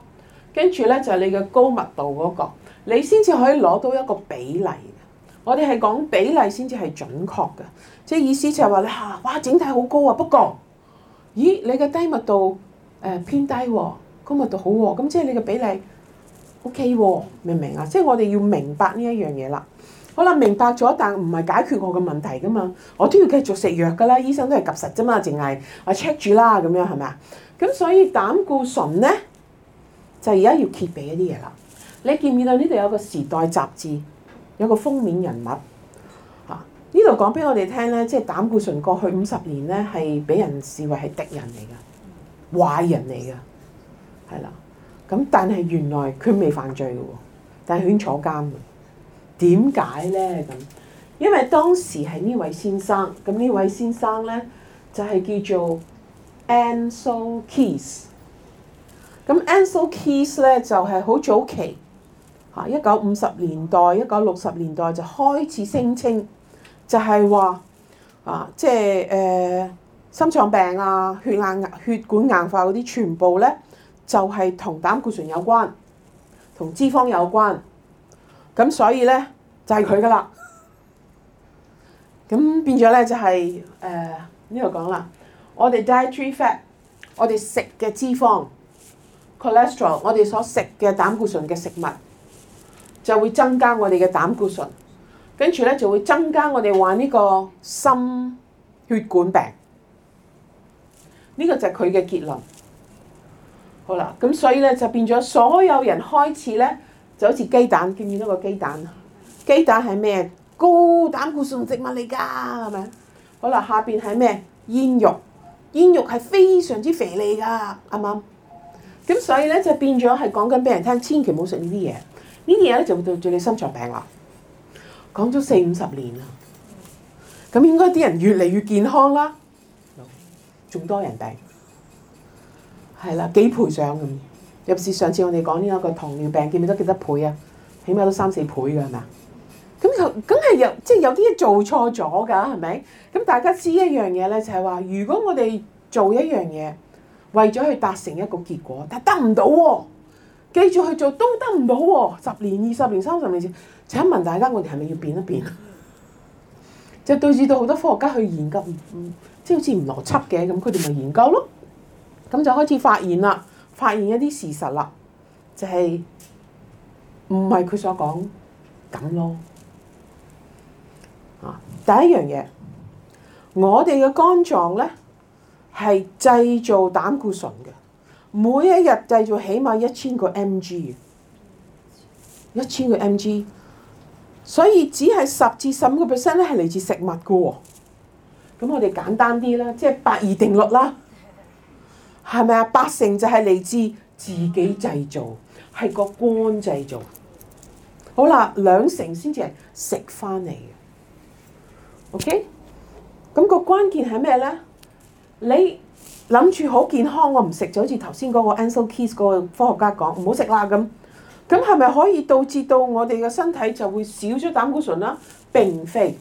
跟住咧就係、是、你嘅高密度嗰、那個，你先至可以攞到一個比例。我哋係講比例先至係準確嘅，即係意思就係話你嚇哇，整體好高啊，不過，咦，你嘅低密度誒、呃、偏低喎、啊，高密度好喎、啊，咁即係你嘅比例。OK 明唔明啊？即係我哋要明白呢一樣嘢啦。好啦，明白咗，但唔係解決我嘅問題噶嘛。我都要繼續食藥噶啦，醫生都係及實啫嘛，淨係啊 check 住啦，咁樣係咪啊？咁所以膽固醇咧，就而家要揭秘一啲嘢啦。你見唔見到呢度有個時代雜誌有個封面人物？嚇、啊！呢度講俾我哋聽咧，即係膽固醇過去五十年咧係俾人視為係敵人嚟噶，壞人嚟噶，係啦。咁但係原來佢未犯罪嘅喎，但係佢已經坐監喎。點解咧？咁因為當時係呢位先生，咁呢位先生咧就係、是、叫做 Ansel Keys。咁 Ansel Keys 咧就係、是、好早期，嚇一九五十年代、一九六十年代就開始聲稱，就係話啊，即係誒心臟病啊、血硬血管硬化嗰啲全部咧。就係同膽固醇有關，同脂肪有關，咁所以咧就係佢噶啦。咁變咗咧就係呢度講啦，我哋 dietary fat，我哋食嘅脂肪，cholesterol，我哋所食嘅膽固醇嘅食物，就會增加我哋嘅膽固醇，跟住咧就會增加我哋患呢個心血管病。呢個就係佢嘅結論。好啦，咁所以咧就變咗所有人開始咧，就好似雞蛋，見唔見到個雞蛋啊？雞蛋係咩？高膽固醇植物嚟㗎，係咪？好啦，下邊係咩？煙肉，煙肉係非常之肥膩㗎，啱啱？咁所以咧就變咗係講緊俾人聽，千祈唔好食呢啲嘢，呢啲嘢咧就會導致你心臟病啦。講咗四五十年啦，咁應該啲人越嚟越健康啦，仲多人病。係啦，幾倍上咁？尤其是上次我哋講呢一個糖尿病，見唔見得幾多倍啊？起碼都三四倍㗎，係咪啊？咁佢係有，即係有啲嘢做錯咗㗎，係咪？咁大家知一樣嘢咧，就係話，如果我哋做一樣嘢，為咗去達成一個結果，但得唔到喎，繼續去做都得唔到喎，十年、二十年、三十年前，請問大家我哋係咪要變一變？就對住到好多科學家去研究，嗯、即係好似唔邏輯嘅咁，佢哋咪研究咯。咁就開始發現啦，發現一啲事實啦，就係唔係佢所講咁咯。啊，第一樣嘢，我哋嘅肝臟咧係製造膽固醇嘅，每一日製造起碼一千個 mg，一千個 mg，所以只係十至十五個 percent 咧係嚟自食物嘅喎。咁我哋簡單啲啦，即係八二定律啦。係咪啊？八成就係嚟自自己製造，係個肝製造。好啦，兩成先至係食翻嚟嘅。OK，咁個關鍵係咩咧？你諗住好健康，我唔食就好似頭先嗰個 Ancel Keys 嗰個科學家講，唔好食啦咁。咁係咪可以導致到我哋嘅身體就會少咗膽固醇啦？並非，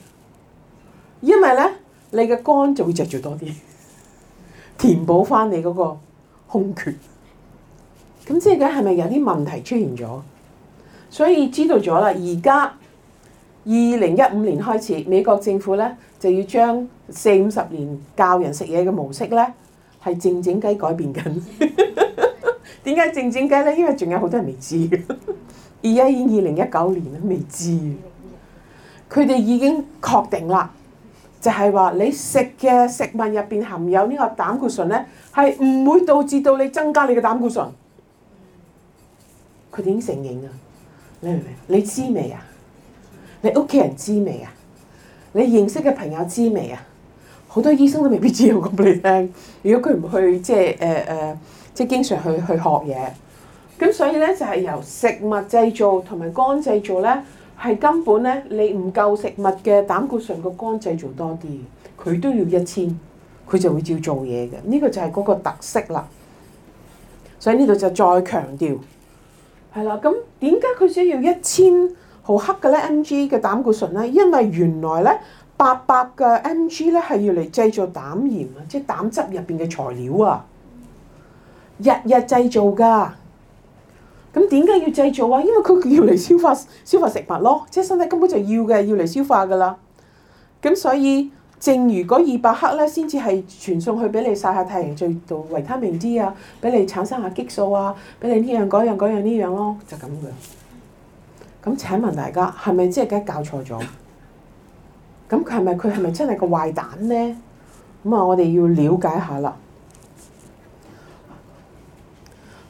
因為咧，你嘅肝就會著住多啲。填補翻你嗰個空缺，咁即係緊係咪有啲問題出現咗？所以知道咗啦，而家二零一五年開始，美國政府咧就要將四五十年教人食嘢嘅模式咧，係靜靜雞改變緊。點 解靜靜雞咧？因為仲有好多人未知嘅，而家已經二零一九年都未知。佢哋已經確定啦。就係話你食嘅食物入邊含有呢個膽固醇咧，係唔會導致到你增加你嘅膽固醇。佢點承認啊？你明唔明？你知未啊？你屋企人知未啊？你認識嘅朋友知未啊？好多醫生都未必知道咁俾你聽。如果佢唔去即係誒誒，即係經常去去學嘢。咁所以咧就係由食物製造同埋肝製造咧。係根本咧，你唔夠食物嘅膽固醇個肝製造多啲，佢都要一千，佢就會照做嘢嘅。呢個就係嗰個特色啦。所以呢度就再強調，係啦。咁點解佢需要一千毫克嘅咧？mg 嘅膽固醇咧？因為原來咧，八百嘅 mg 咧係要嚟製造膽鹽啊，即係膽汁入邊嘅材料啊，日日製造㗎。咁點解要製造啊？因為佢要嚟消化消化食物咯，即係身體根本就要嘅，要嚟消化噶啦。咁所以，正如嗰二百克咧，先至係傳送去俾你曬下太陽，最度，維他命 D 啊，俾你產生下激素啊，俾你呢樣嗰樣嗰呢樣，樣，樣咯，就咁樣。咁請問大家，係咪即係梗係教錯咗？咁佢係咪佢係咪真係個壞蛋呢？咁啊，我哋要了解下啦。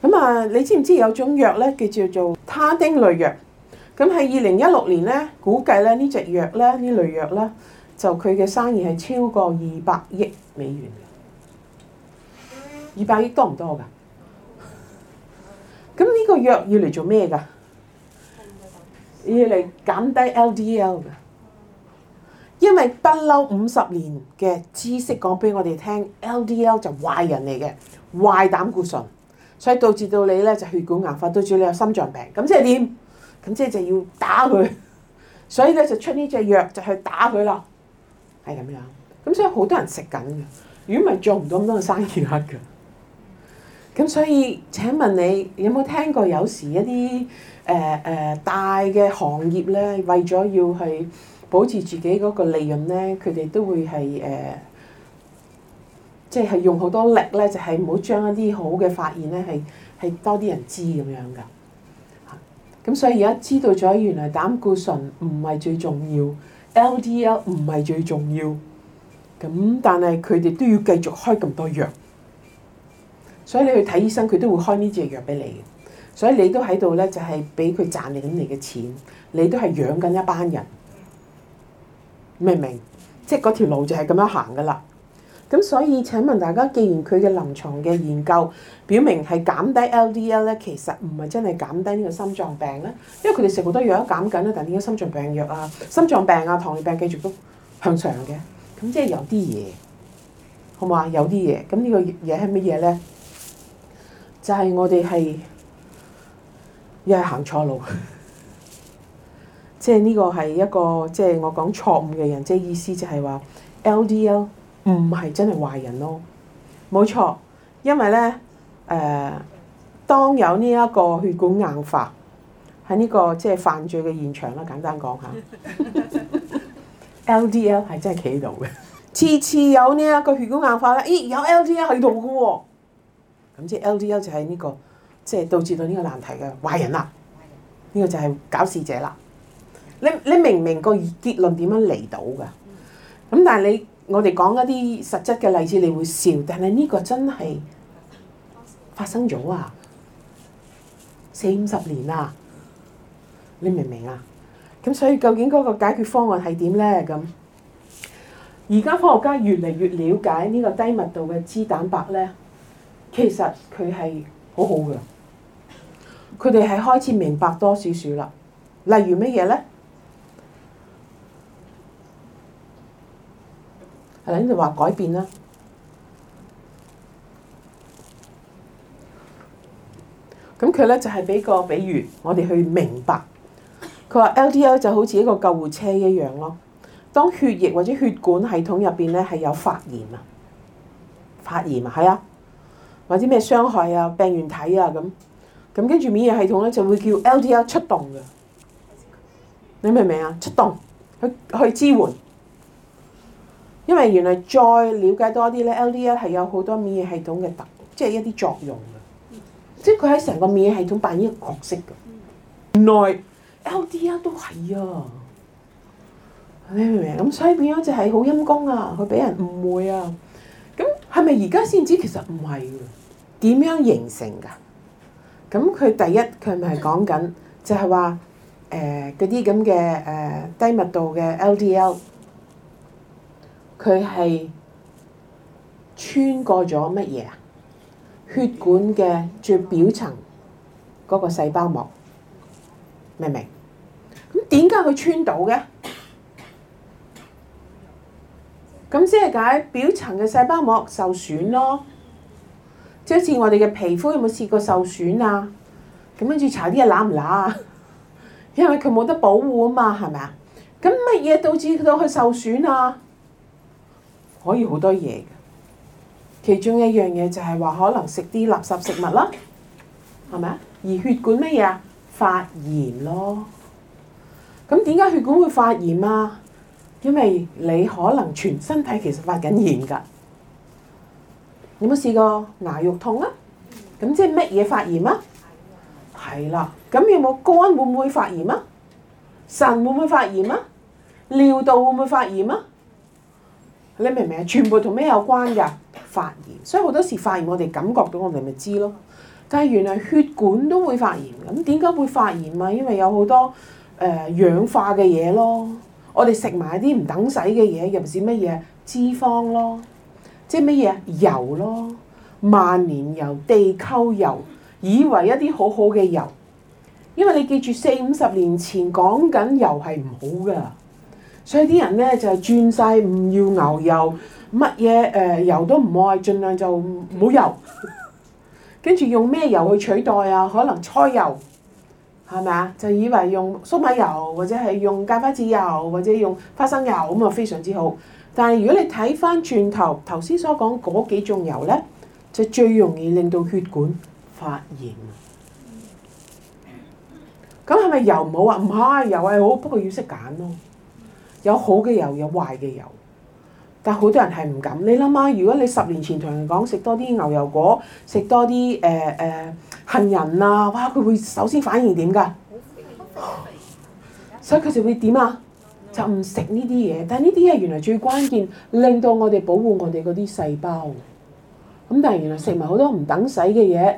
咁啊，你知唔知有種藥咧叫叫做他汀類藥？咁喺二零一六年咧，估計咧呢隻藥咧呢類藥咧，就佢嘅生意係超過二百億美元。二百億多唔多㗎？咁呢個藥要嚟做咩㗎？要嚟減低 LDL 嘅，因為不嬲五十年嘅知識講俾我哋聽，LDL 就壞人嚟嘅，壞膽固醇。所以導致到你咧就血管硬化，導致你有心臟病。咁即係點？咁即係就要打佢。所以咧就出呢隻藥就去打佢啦。係咁樣。咁所以好多人食緊嘅，如果唔係做唔到咁多嘅生意啦㗎。咁所以請問你有冇聽過有時一啲誒誒大嘅行業咧，為咗要去保持自己嗰個利潤咧，佢哋都會係誒？呃即係用好多力咧，就係唔好將一啲好嘅發現咧，係係多啲人知咁樣噶。嚇，咁所以而家知道咗，原來膽固醇唔係最重要，LDL 唔係最重要。咁但係佢哋都要繼續開咁多藥，所以你去睇醫生，佢都會開呢隻藥俾你。所以你都喺度咧，就係俾佢賺緊你嘅錢，你都係養緊一班人，明唔明？即係嗰條路就係咁樣行噶啦。咁所以請問大家，既然佢嘅臨床嘅研究表明係減低 LDL 咧，其實唔係真係減低呢個心臟病咧，因為佢哋食好多藥都減緊啦，但點解心臟病藥啊、心臟病啊、糖尿病繼續都向上嘅？咁即係有啲嘢，好嘛？有啲嘢，咁呢個嘢係乜嘢咧？就係、是、我哋係又係行錯路，即係呢個係一個即係、就是、我講錯誤嘅人，即、就、係、是、意思就係話 LDL。唔係真係壞人咯，冇錯，因為咧，誒、呃，當有呢一個血管硬化喺呢、這個即係、就是、犯罪嘅現場啦，簡單講下 ，LDL 係真係企喺度嘅，次 次有呢一個血管硬化咧，咦有 LDL 喺度嘅喎，咁即係 LDL 就係呢、這個即係、就是、導致到呢個難題嘅壞人啦、啊，呢、這個就係搞事者啦，你你明唔明個結論點樣嚟到嘅？咁但係你。我哋講一啲實質嘅例子，你會笑，但係呢個真係發生咗啊！四五十年啦，你明唔明啊？咁所以究竟嗰個解決方案係點咧？咁而家科學家越嚟越了解呢個低密度嘅脂蛋白咧，其實佢係好好㗎，佢哋係開始明白多少少啦。例如乜嘢咧？係啦，就話改變啦。咁佢咧就係畀個比喻，我哋去明白。佢話 LDL 就好似一個救護車一樣咯。當血液或者血管系統入邊咧係有發炎啊、發炎啊，係啊，或者咩傷害啊、病原體啊咁，咁跟住免疫系統咧就會叫 LDL 出動嘅。你明唔明啊？出動去去支援。因為原來再了解多啲咧，LDL 係有好多免疫系統嘅特，即係一啲作用啊！即係佢喺成個免疫系統扮演一個角色嘅。原 LDL 都係啊，你明唔明？咁所以變咗就係好陰功啊！佢俾人誤會啊！咁係咪而家先知其實唔係？點樣形成㗎？咁佢第一佢咪係講緊就係話誒嗰啲咁嘅誒低密度嘅 LDL。佢係穿過咗乜嘢啊？血管嘅最表層嗰個細胞膜，明唔明？咁點解佢穿到嘅？咁即係解表層嘅細胞膜受損咯。即係似我哋嘅皮膚有冇試過受損啊？咁跟住搽啲嘢揦唔揦啊？因為佢冇得保護啊嘛，係咪啊？咁乜嘢導致到佢受損啊？可以好多嘢嘅，其中嘅一樣嘢就係話可能食啲垃圾食物啦，係咪啊？而血管乜嘢啊？發炎咯。咁點解血管會發炎啊？因為你可能全身體其實發緊炎㗎。有冇試過牙肉痛啊？咁即係乜嘢發炎啊？係啦。咁有冇肝會唔會發炎啊？腎會唔會發炎啊？尿道會唔會發炎啊？你明唔明啊？全部同咩有關噶，發炎，所以好多時發炎我哋感覺到我哋咪知咯。但係原來血管都會發炎，咁點解會發炎呀？因為有好多誒、呃、氧化嘅嘢咯。我哋食埋啲唔等使嘅嘢，又唔知乜嘢脂肪咯，即係乜嘢油咯，萬年油、地溝油，以為一啲好好嘅油，因為你記住四五十年前講緊油係唔好噶。所以啲人咧就係轉晒唔要牛油，乜嘢油都唔愛，盡量就冇油。跟住用咩油去取代啊？可能菜油係咪啊？就以為用粟米油或者係用芥花籽油或者用花生油咁啊，非常之好。但係如果你睇翻轉頭頭先所講嗰幾種油咧，就最容易令到血管發炎。咁係咪油唔好啊？唔係油係好，不過要識揀咯。有好嘅油，有壞嘅油。但好多人係唔敢。你諗下啊，如果你十年前同人講食多啲牛油果，食多啲誒誒杏仁啊，哇！佢會首先反應點㗎？ 所以佢就會點啊？就唔食呢啲嘢。但係呢啲嘢原來最關鍵，令到我哋保護我哋嗰啲細胞。咁但係原來食埋好多唔等使嘅嘢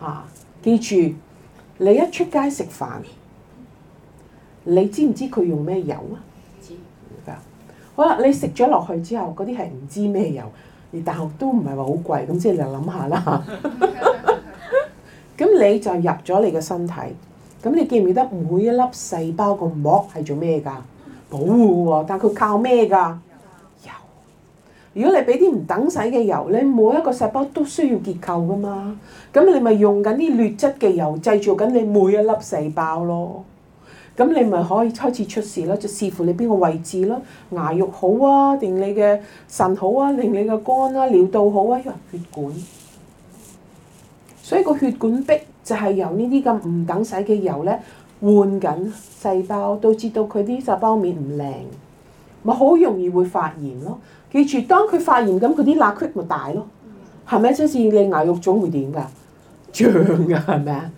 嚇。記住，你一出街食飯，你知唔知佢用咩油啊？㗎，好啦，你食咗落去之後，嗰啲係唔知咩油，而但係都唔係話好貴，咁即係又諗下啦嚇。咁你就入咗你個身體，咁你記唔記得每一粒細胞個膜係做咩㗎？保護喎，但係佢靠咩㗎？油。如果你俾啲唔等洗嘅油，你每一個細胞都需要結構㗎嘛，咁你咪用緊啲劣質嘅油製造緊你每一粒細胞咯。咁你咪可以開始出事咯，就視乎你邊個位置咯，牙肉好啊，定你嘅腎好啊，定你嘅肝啊，尿道好啊，血管。所以個血管壁就係由呢啲咁唔等使嘅油咧，換緊細胞，導致到佢啲細胞面唔靚，咪好容易會發炎咯。記住，當佢發炎咁，佢啲罅隙咪大咯，係咪？即係你牙肉腫會點㗎？脹㗎係咪啊？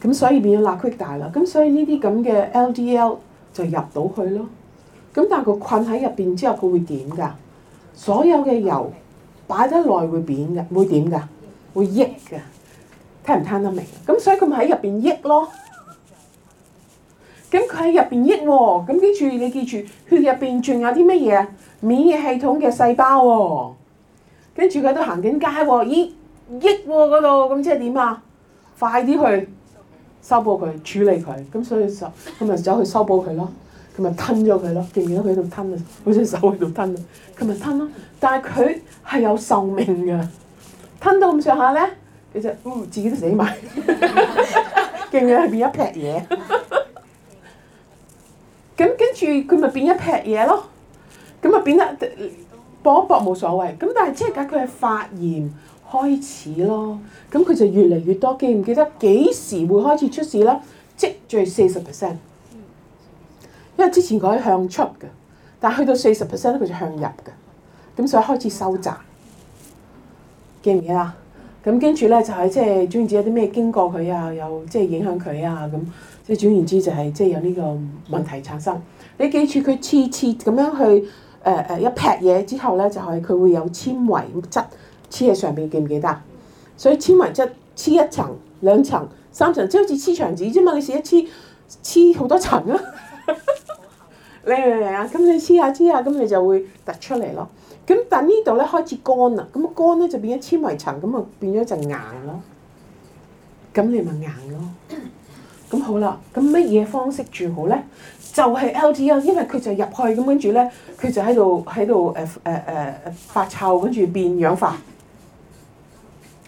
咁所以變咗垃圾大啦，咁所以呢啲咁嘅 LDL 就入到去咯。咁但係佢困喺入邊之後，佢會點噶？所有嘅油擺得耐會扁噶，會點噶？會益噶？聽唔聽得明？咁所以佢咪喺入邊益咯。咁佢喺入邊益喎。咁跟住你記住，血入邊仲有啲乜嘢？免疫系統嘅細胞喎，跟住佢都行緊街喎，咦，溢嗰度咁即係點啊？快啲去！收報佢處理佢，咁所以就佢咪走去收報佢咯，佢咪吞咗佢咯，見唔見啊？佢喺度吞，好似手喺度吞啊，佢咪吞咯。但係佢係有壽命㗎，吞到咁上下咧，其實、嗯、自己都死埋， 見唔見啊？變一劈嘢，咁跟住佢咪變一劈嘢咯，咁咪變得搏一搏冇所謂。咁但係即係佢係發炎。開始咯，咁佢就越嚟越多。記唔記得幾時會開始出事咧？積聚四十 percent，因為之前佢係向出嘅，但係去到四十 percent 咧，佢就向入嘅，咁所以開始收窄。記唔記得？咁跟住咧就係即係總言之有啲咩經過佢啊，有即係、就係、影響佢啊，咁即係總言之就係即係有呢個問題產生。你記住佢次次咁樣去誒誒、呃、一劈嘢之後咧，就係、係、佢會有纖維質。黐喺上邊，記唔記得？所以纖維質即黐一層、兩層、三層，即好似黐牆紙啫嘛！你試一黐黐好多層咯、啊， 你明唔明啊？咁你黐下黐下，咁你就會突出嚟咯。咁等呢度咧，開始乾啦，咁乾咧就變咗纖維層，咁啊變咗就硬咯。咁你咪硬咯。咁好啦，咁乜嘢方式住好咧？就係、是、L T 啊！因為佢就入去，咁跟住咧，佢就喺度喺度誒誒誒發臭，跟住變氧化。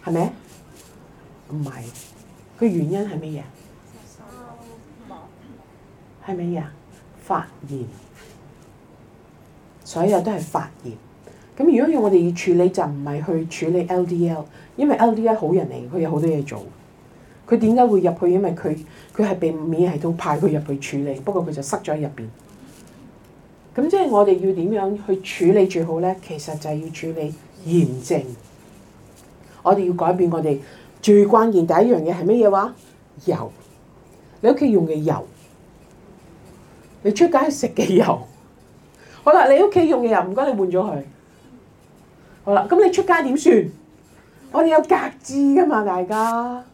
係咪？唔係，佢原因係乜嘢？係乜嘢啊？發炎，所有都係發炎。咁如果要我哋要處理，就唔係去處理 LDL，因為 LDL 好人嚟，佢有好多嘢做。佢點解會入去？因為佢佢係免疫系統派佢入去處理，不過佢就塞咗喺入邊。咁即係我哋要點樣去處理最好咧？其實就係要處理炎症。我哋要改變，我哋最關鍵第一樣嘢係乜嘢話？油？你屋企用嘅油，你出街食嘅油。好啦，你屋企用嘅油唔該你換咗佢。好啦，咁你出街點算？我哋有格子㗎嘛，大家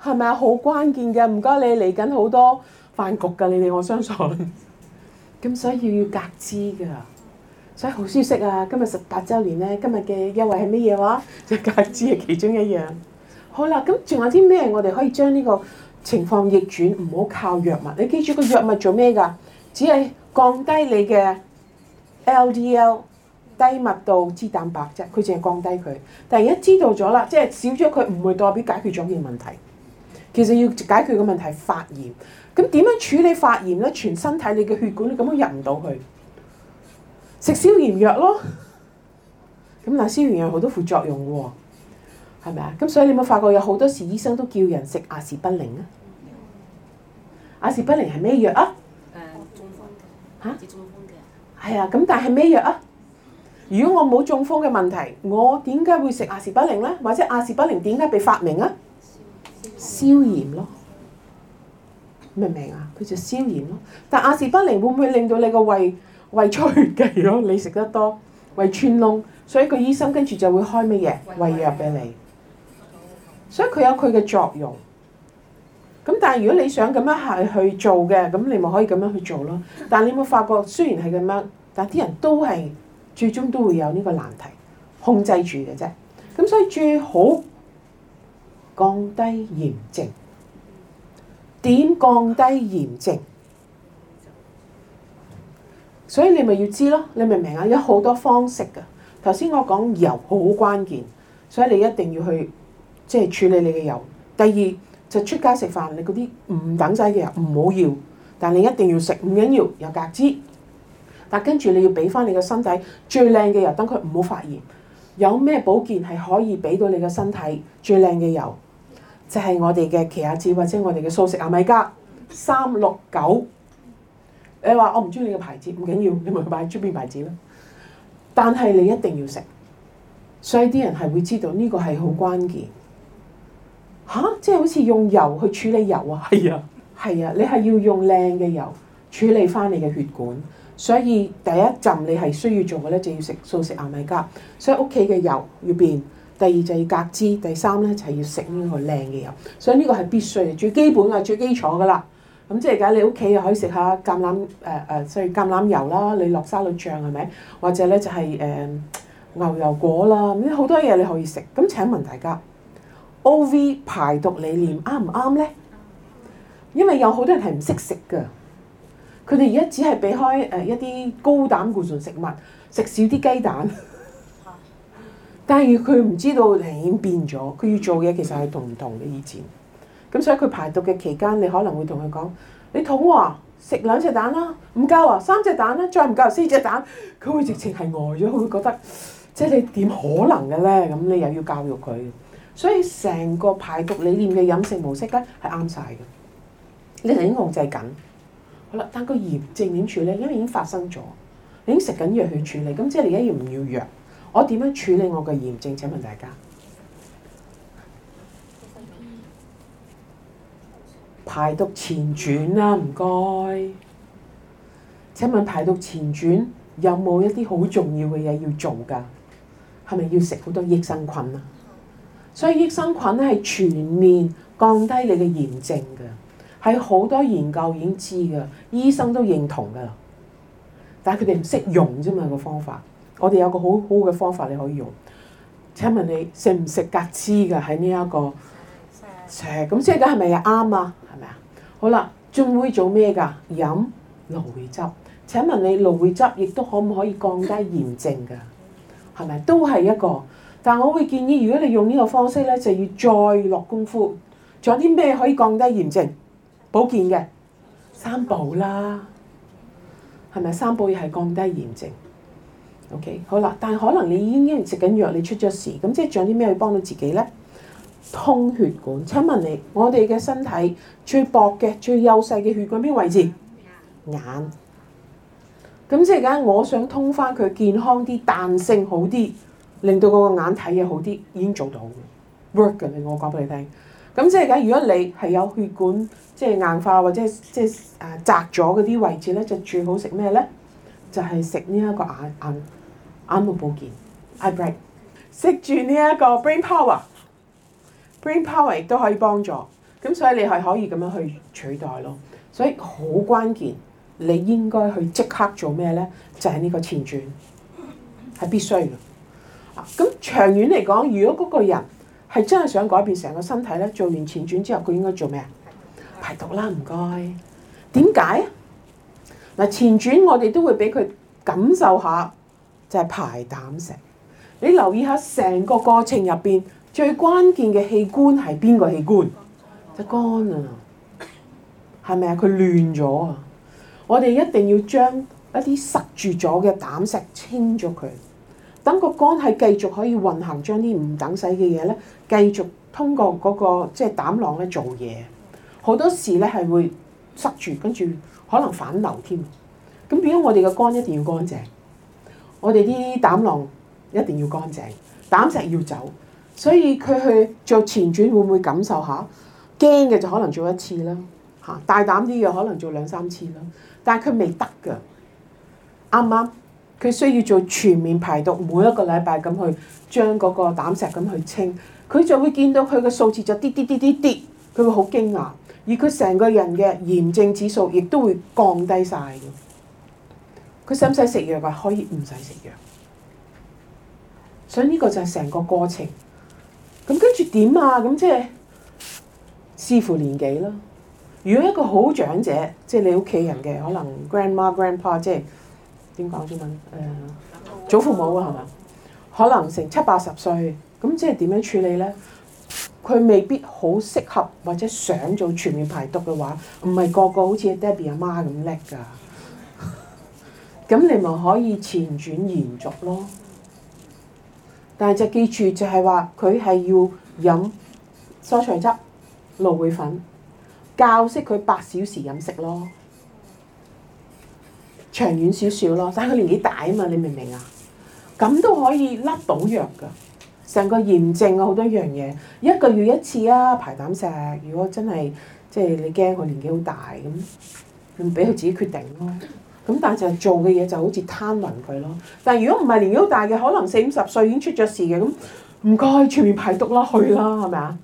係咪啊？好關鍵嘅，唔該你嚟緊好多飯局㗎，你哋我相信。咁所以要要格子㗎。所以好消息啊！今日十八周年咧，今日嘅優惠係乜嘢話？隻戒指係其中一樣。好啦，咁仲有啲咩？我哋可以將呢個情況逆轉，唔好靠藥物。你記住個藥物做咩㗎？只係降低你嘅 LDL 低密度脂蛋白啫，佢淨係降低佢。但而家知道咗啦，即係少咗佢唔會代表解決咗件問題。其實要解決個問題係發炎，咁點樣處理發炎咧？全身體你嘅血管你這都咁樣入唔到去。食消炎藥咯，咁但係消炎藥好多副作用喎，係咪啊？咁所以你有冇發覺有好多時醫生都叫人食阿士匹靈啊？阿士匹靈係咩藥啊？誒中風嘅。嚇？係啊，咁但係咩藥啊？如果我冇中風嘅問題，我點解會食阿士匹靈咧？或者阿士匹靈點解被發明啊？消炎咯。明唔明啊？佢就消炎咯。但阿士匹靈會唔會令到你個胃？胃出血咯，如果你食得多，胃穿窿，所以個醫生跟住就會開乜嘢胃藥畀你，所以佢有佢嘅作用。咁但係如果你想咁樣係去做嘅，咁你咪可以咁樣去做咯。但係你有冇發覺，雖然係咁樣，但係啲人都係最終都會有呢個難題控制住嘅啫。咁所以最好降低炎症，點降低炎症？所以你咪要知咯，你明唔明啊？有好多方式㗎。頭先我講油好關鍵，所以你一定要去即係、就是、處理你嘅油。第二就出街食飯，你嗰啲唔等使嘅油唔好要，要，但你一定要食，唔緊要，要有格支。但跟住你要俾翻你嘅身體最靚嘅油，等佢唔好發炎。有咩保健係可以俾到你嘅身體最靚嘅油？就係、是、我哋嘅奇亞籽或者我哋嘅素食阿米加三六九。你話我唔中意你嘅牌子，唔緊要，你咪買出邊牌子咯。但係你一定要食，所以啲人係會知道呢個係好關鍵。吓、啊？即係好似用油去處理油啊？係啊，係啊，你係要用靚嘅油處理翻你嘅血管。所以第一陣你係需要做嘅咧，就要食素食亞米加。所以屋企嘅油要變，第二就要隔脂，第三咧就係要食呢個靚嘅油。所以呢個係必須嘅，最基本啊，最基礎噶啦。咁即係而家你屋企又可以食下橄欖誒誒，所、呃、以橄欖油啦，你落沙律醬係咪？或者咧就係、是、誒、呃、牛油果啦，咁好多嘢你可以食。咁請問大家，O V 排毒理念啱唔啱咧？因為有好多人係唔識食㗎，佢哋而家只係避開誒一啲高膽固醇食物，食少啲雞蛋。但係佢唔知道係已經變咗，佢要做嘢其實係同唔同嘅以前。咁所以佢排毒嘅期間，你可能會同佢講：你肚餓、啊，食兩隻蛋啦、啊，唔夠啊，三隻蛋啦、啊，再唔夠四隻蛋。佢會直情係呆咗，佢會覺得即係你點可能嘅咧？咁你又要教育佢。所以成個排毒理念嘅飲食模式咧係啱晒嘅。你係已經控制緊，好啦，但個炎症點處理？因為已經發生咗，你已經食緊藥去處理。咁即係你而家要唔要藥？我點樣處理我嘅炎症？請問大家？排毒前傳啦、啊，唔該，請問排毒前傳有冇一啲好重要嘅嘢要做㗎？係咪要食好多益生菌啊？所以益生菌咧係全面降低你嘅炎症㗎，喺好多研究已經知㗎，醫生都認同㗎啦。但係佢哋唔識用啫嘛個方法，我哋有個好好嘅方法你可以用。請問你食唔食格支㗎？喺呢一個咁，即係咁係咪啱啊？係咪啊？好啦，仲會做咩噶？飲蘆薈汁。請問你蘆薈汁亦都可唔可以降低炎症噶？係咪都係一個？但我會建議，如果你用呢個方式咧，就要再落功夫。仲有啲咩可以降低炎症？保健嘅三寶啦，係咪三寶亦係降低炎症？OK，好啦，但係可能你已經食緊藥，你出咗事，咁即係仲有啲咩去幫到自己咧？通血管，請問你，我哋嘅身體最薄嘅、最幼細嘅血管喺邊位置？眼。咁即係講，我想通翻佢健康啲、彈性好啲，令到嗰個眼睇嘢好啲，已經做到 work 嘅。我講俾你聽。咁即係講，如果你係有血管即係硬化或者即係誒窄咗嗰啲位置咧，就最好食咩咧？就係食呢一個眼眼眼目保健 eye bright 食住呢一個 brain power。Brainpower 亦都可以幫助，咁所以你係可以咁樣去取代咯，所以好關鍵，你應該去即刻做咩咧？就係呢個前轉，係必須嘅。啊，咁長遠嚟講，如果嗰個人係真係想改變成個身體咧，做完前轉之後，佢應該做咩啊？排毒啦，唔該。點解啊？嗱，前轉我哋都會俾佢感受下，就係排膽石。你留意下成個過程入邊。最關鍵嘅器官係邊個器官？隻肝啊，係咪啊？佢亂咗啊！我哋一定要將一啲塞住咗嘅膽石清咗佢，等個肝係繼續可以運行，將啲唔等使嘅嘢咧繼續通過嗰個即係膽囊咧做嘢。好多時咧係會塞住，跟住可能反流添。咁變咗我哋嘅肝一定要乾淨，我哋啲膽囊一定要乾淨，膽石要走。所以佢去做前轉會唔會感受下？驚嘅就可能做一次啦，嚇大膽啲嘅可能做兩三次啦。但係佢未得嘅，啱啱？佢需要做全面排毒，每一個禮拜咁去將嗰個膽石咁去清，佢就會見到佢嘅數字就跌跌跌跌跌，佢會好驚訝，而佢成個人嘅炎症指數亦都會降低晒嘅。佢使唔使食藥啊？可以唔使食藥。所以呢個就係成個過程。咁跟住點啊？咁即係視乎年紀咯。如果一個好長者，即係你屋企人嘅，可能 grandma、grandpa，即係點講先啊？誒、uh，祖父母啊，係嘛？可能成七八十歲，咁即係點樣處理咧？佢未必好適合或者想做全面排毒嘅話，唔係個個好似 Debbie 阿媽咁叻㗎。咁你咪可以前轉延續咯。但係就記住，就係話佢係要飲蔬菜汁、蘆薈粉，教識佢八小時飲食咯，長遠少少咯。但係佢年紀大啊嘛，你明唔明啊？咁都可以甩到藥噶，成個炎症啊好多樣嘢，一個月一次啊，排膽石。如果真係即係你驚佢年紀好大咁，你唔俾佢自己決定咯。咁但係就係做嘅嘢就好似攤勻佢咯。但係如果唔係年紀大嘅，可能四五十歲已經出咗事嘅咁，唔該全面排毒啦，去啦，係咪啊？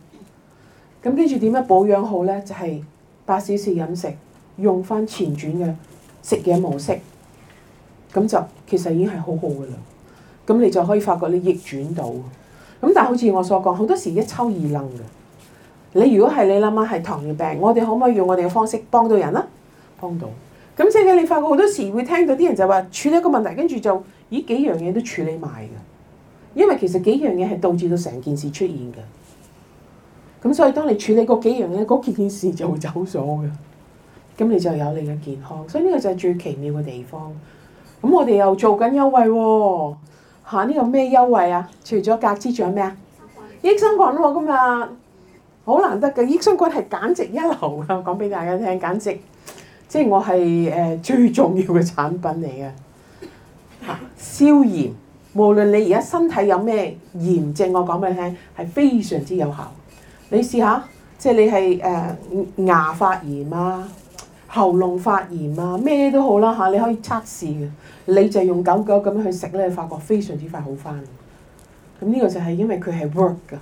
咁跟住點樣保養好咧？就係八小時飲食，用翻前轉嘅食嘢模式，咁就其實已經係好好嘅啦。咁你就可以發覺你逆轉到。咁但係好似我所講，好多時一抽二楞嘅。你如果係你諗下係糖尿病，我哋可唔可以用我哋嘅方式幫到人啊？幫到。咁即係你發覺好多時會聽到啲人就話處理一個問題，跟住就咦幾樣嘢都處理埋嘅，因為其實幾樣嘢係導致到成件事出現嘅。咁所以當你處理嗰幾樣嘢，嗰件事就會走咗嘅。咁你就有你嘅健康，所以呢個就係最奇妙嘅地方。咁我哋又做緊優惠喎，嚇、啊、呢、呢個咩優惠啊？除咗格之，仲有咩啊？益生菌喎，今日好難得嘅益生菌係簡直一流啊！講俾大家聽，簡直。即係我係誒最重要嘅產品嚟嘅，嚇，消炎，無論你而家身體有咩炎症，我講俾你聽係非常之有效。你試下，即係你係誒、呃、牙發炎啊、喉嚨發炎啊，咩都好啦，嚇，你可以測試嘅。你就用狗狗咁樣去食咧，你發覺非常之快好翻。咁呢個就係因為佢係 work 㗎。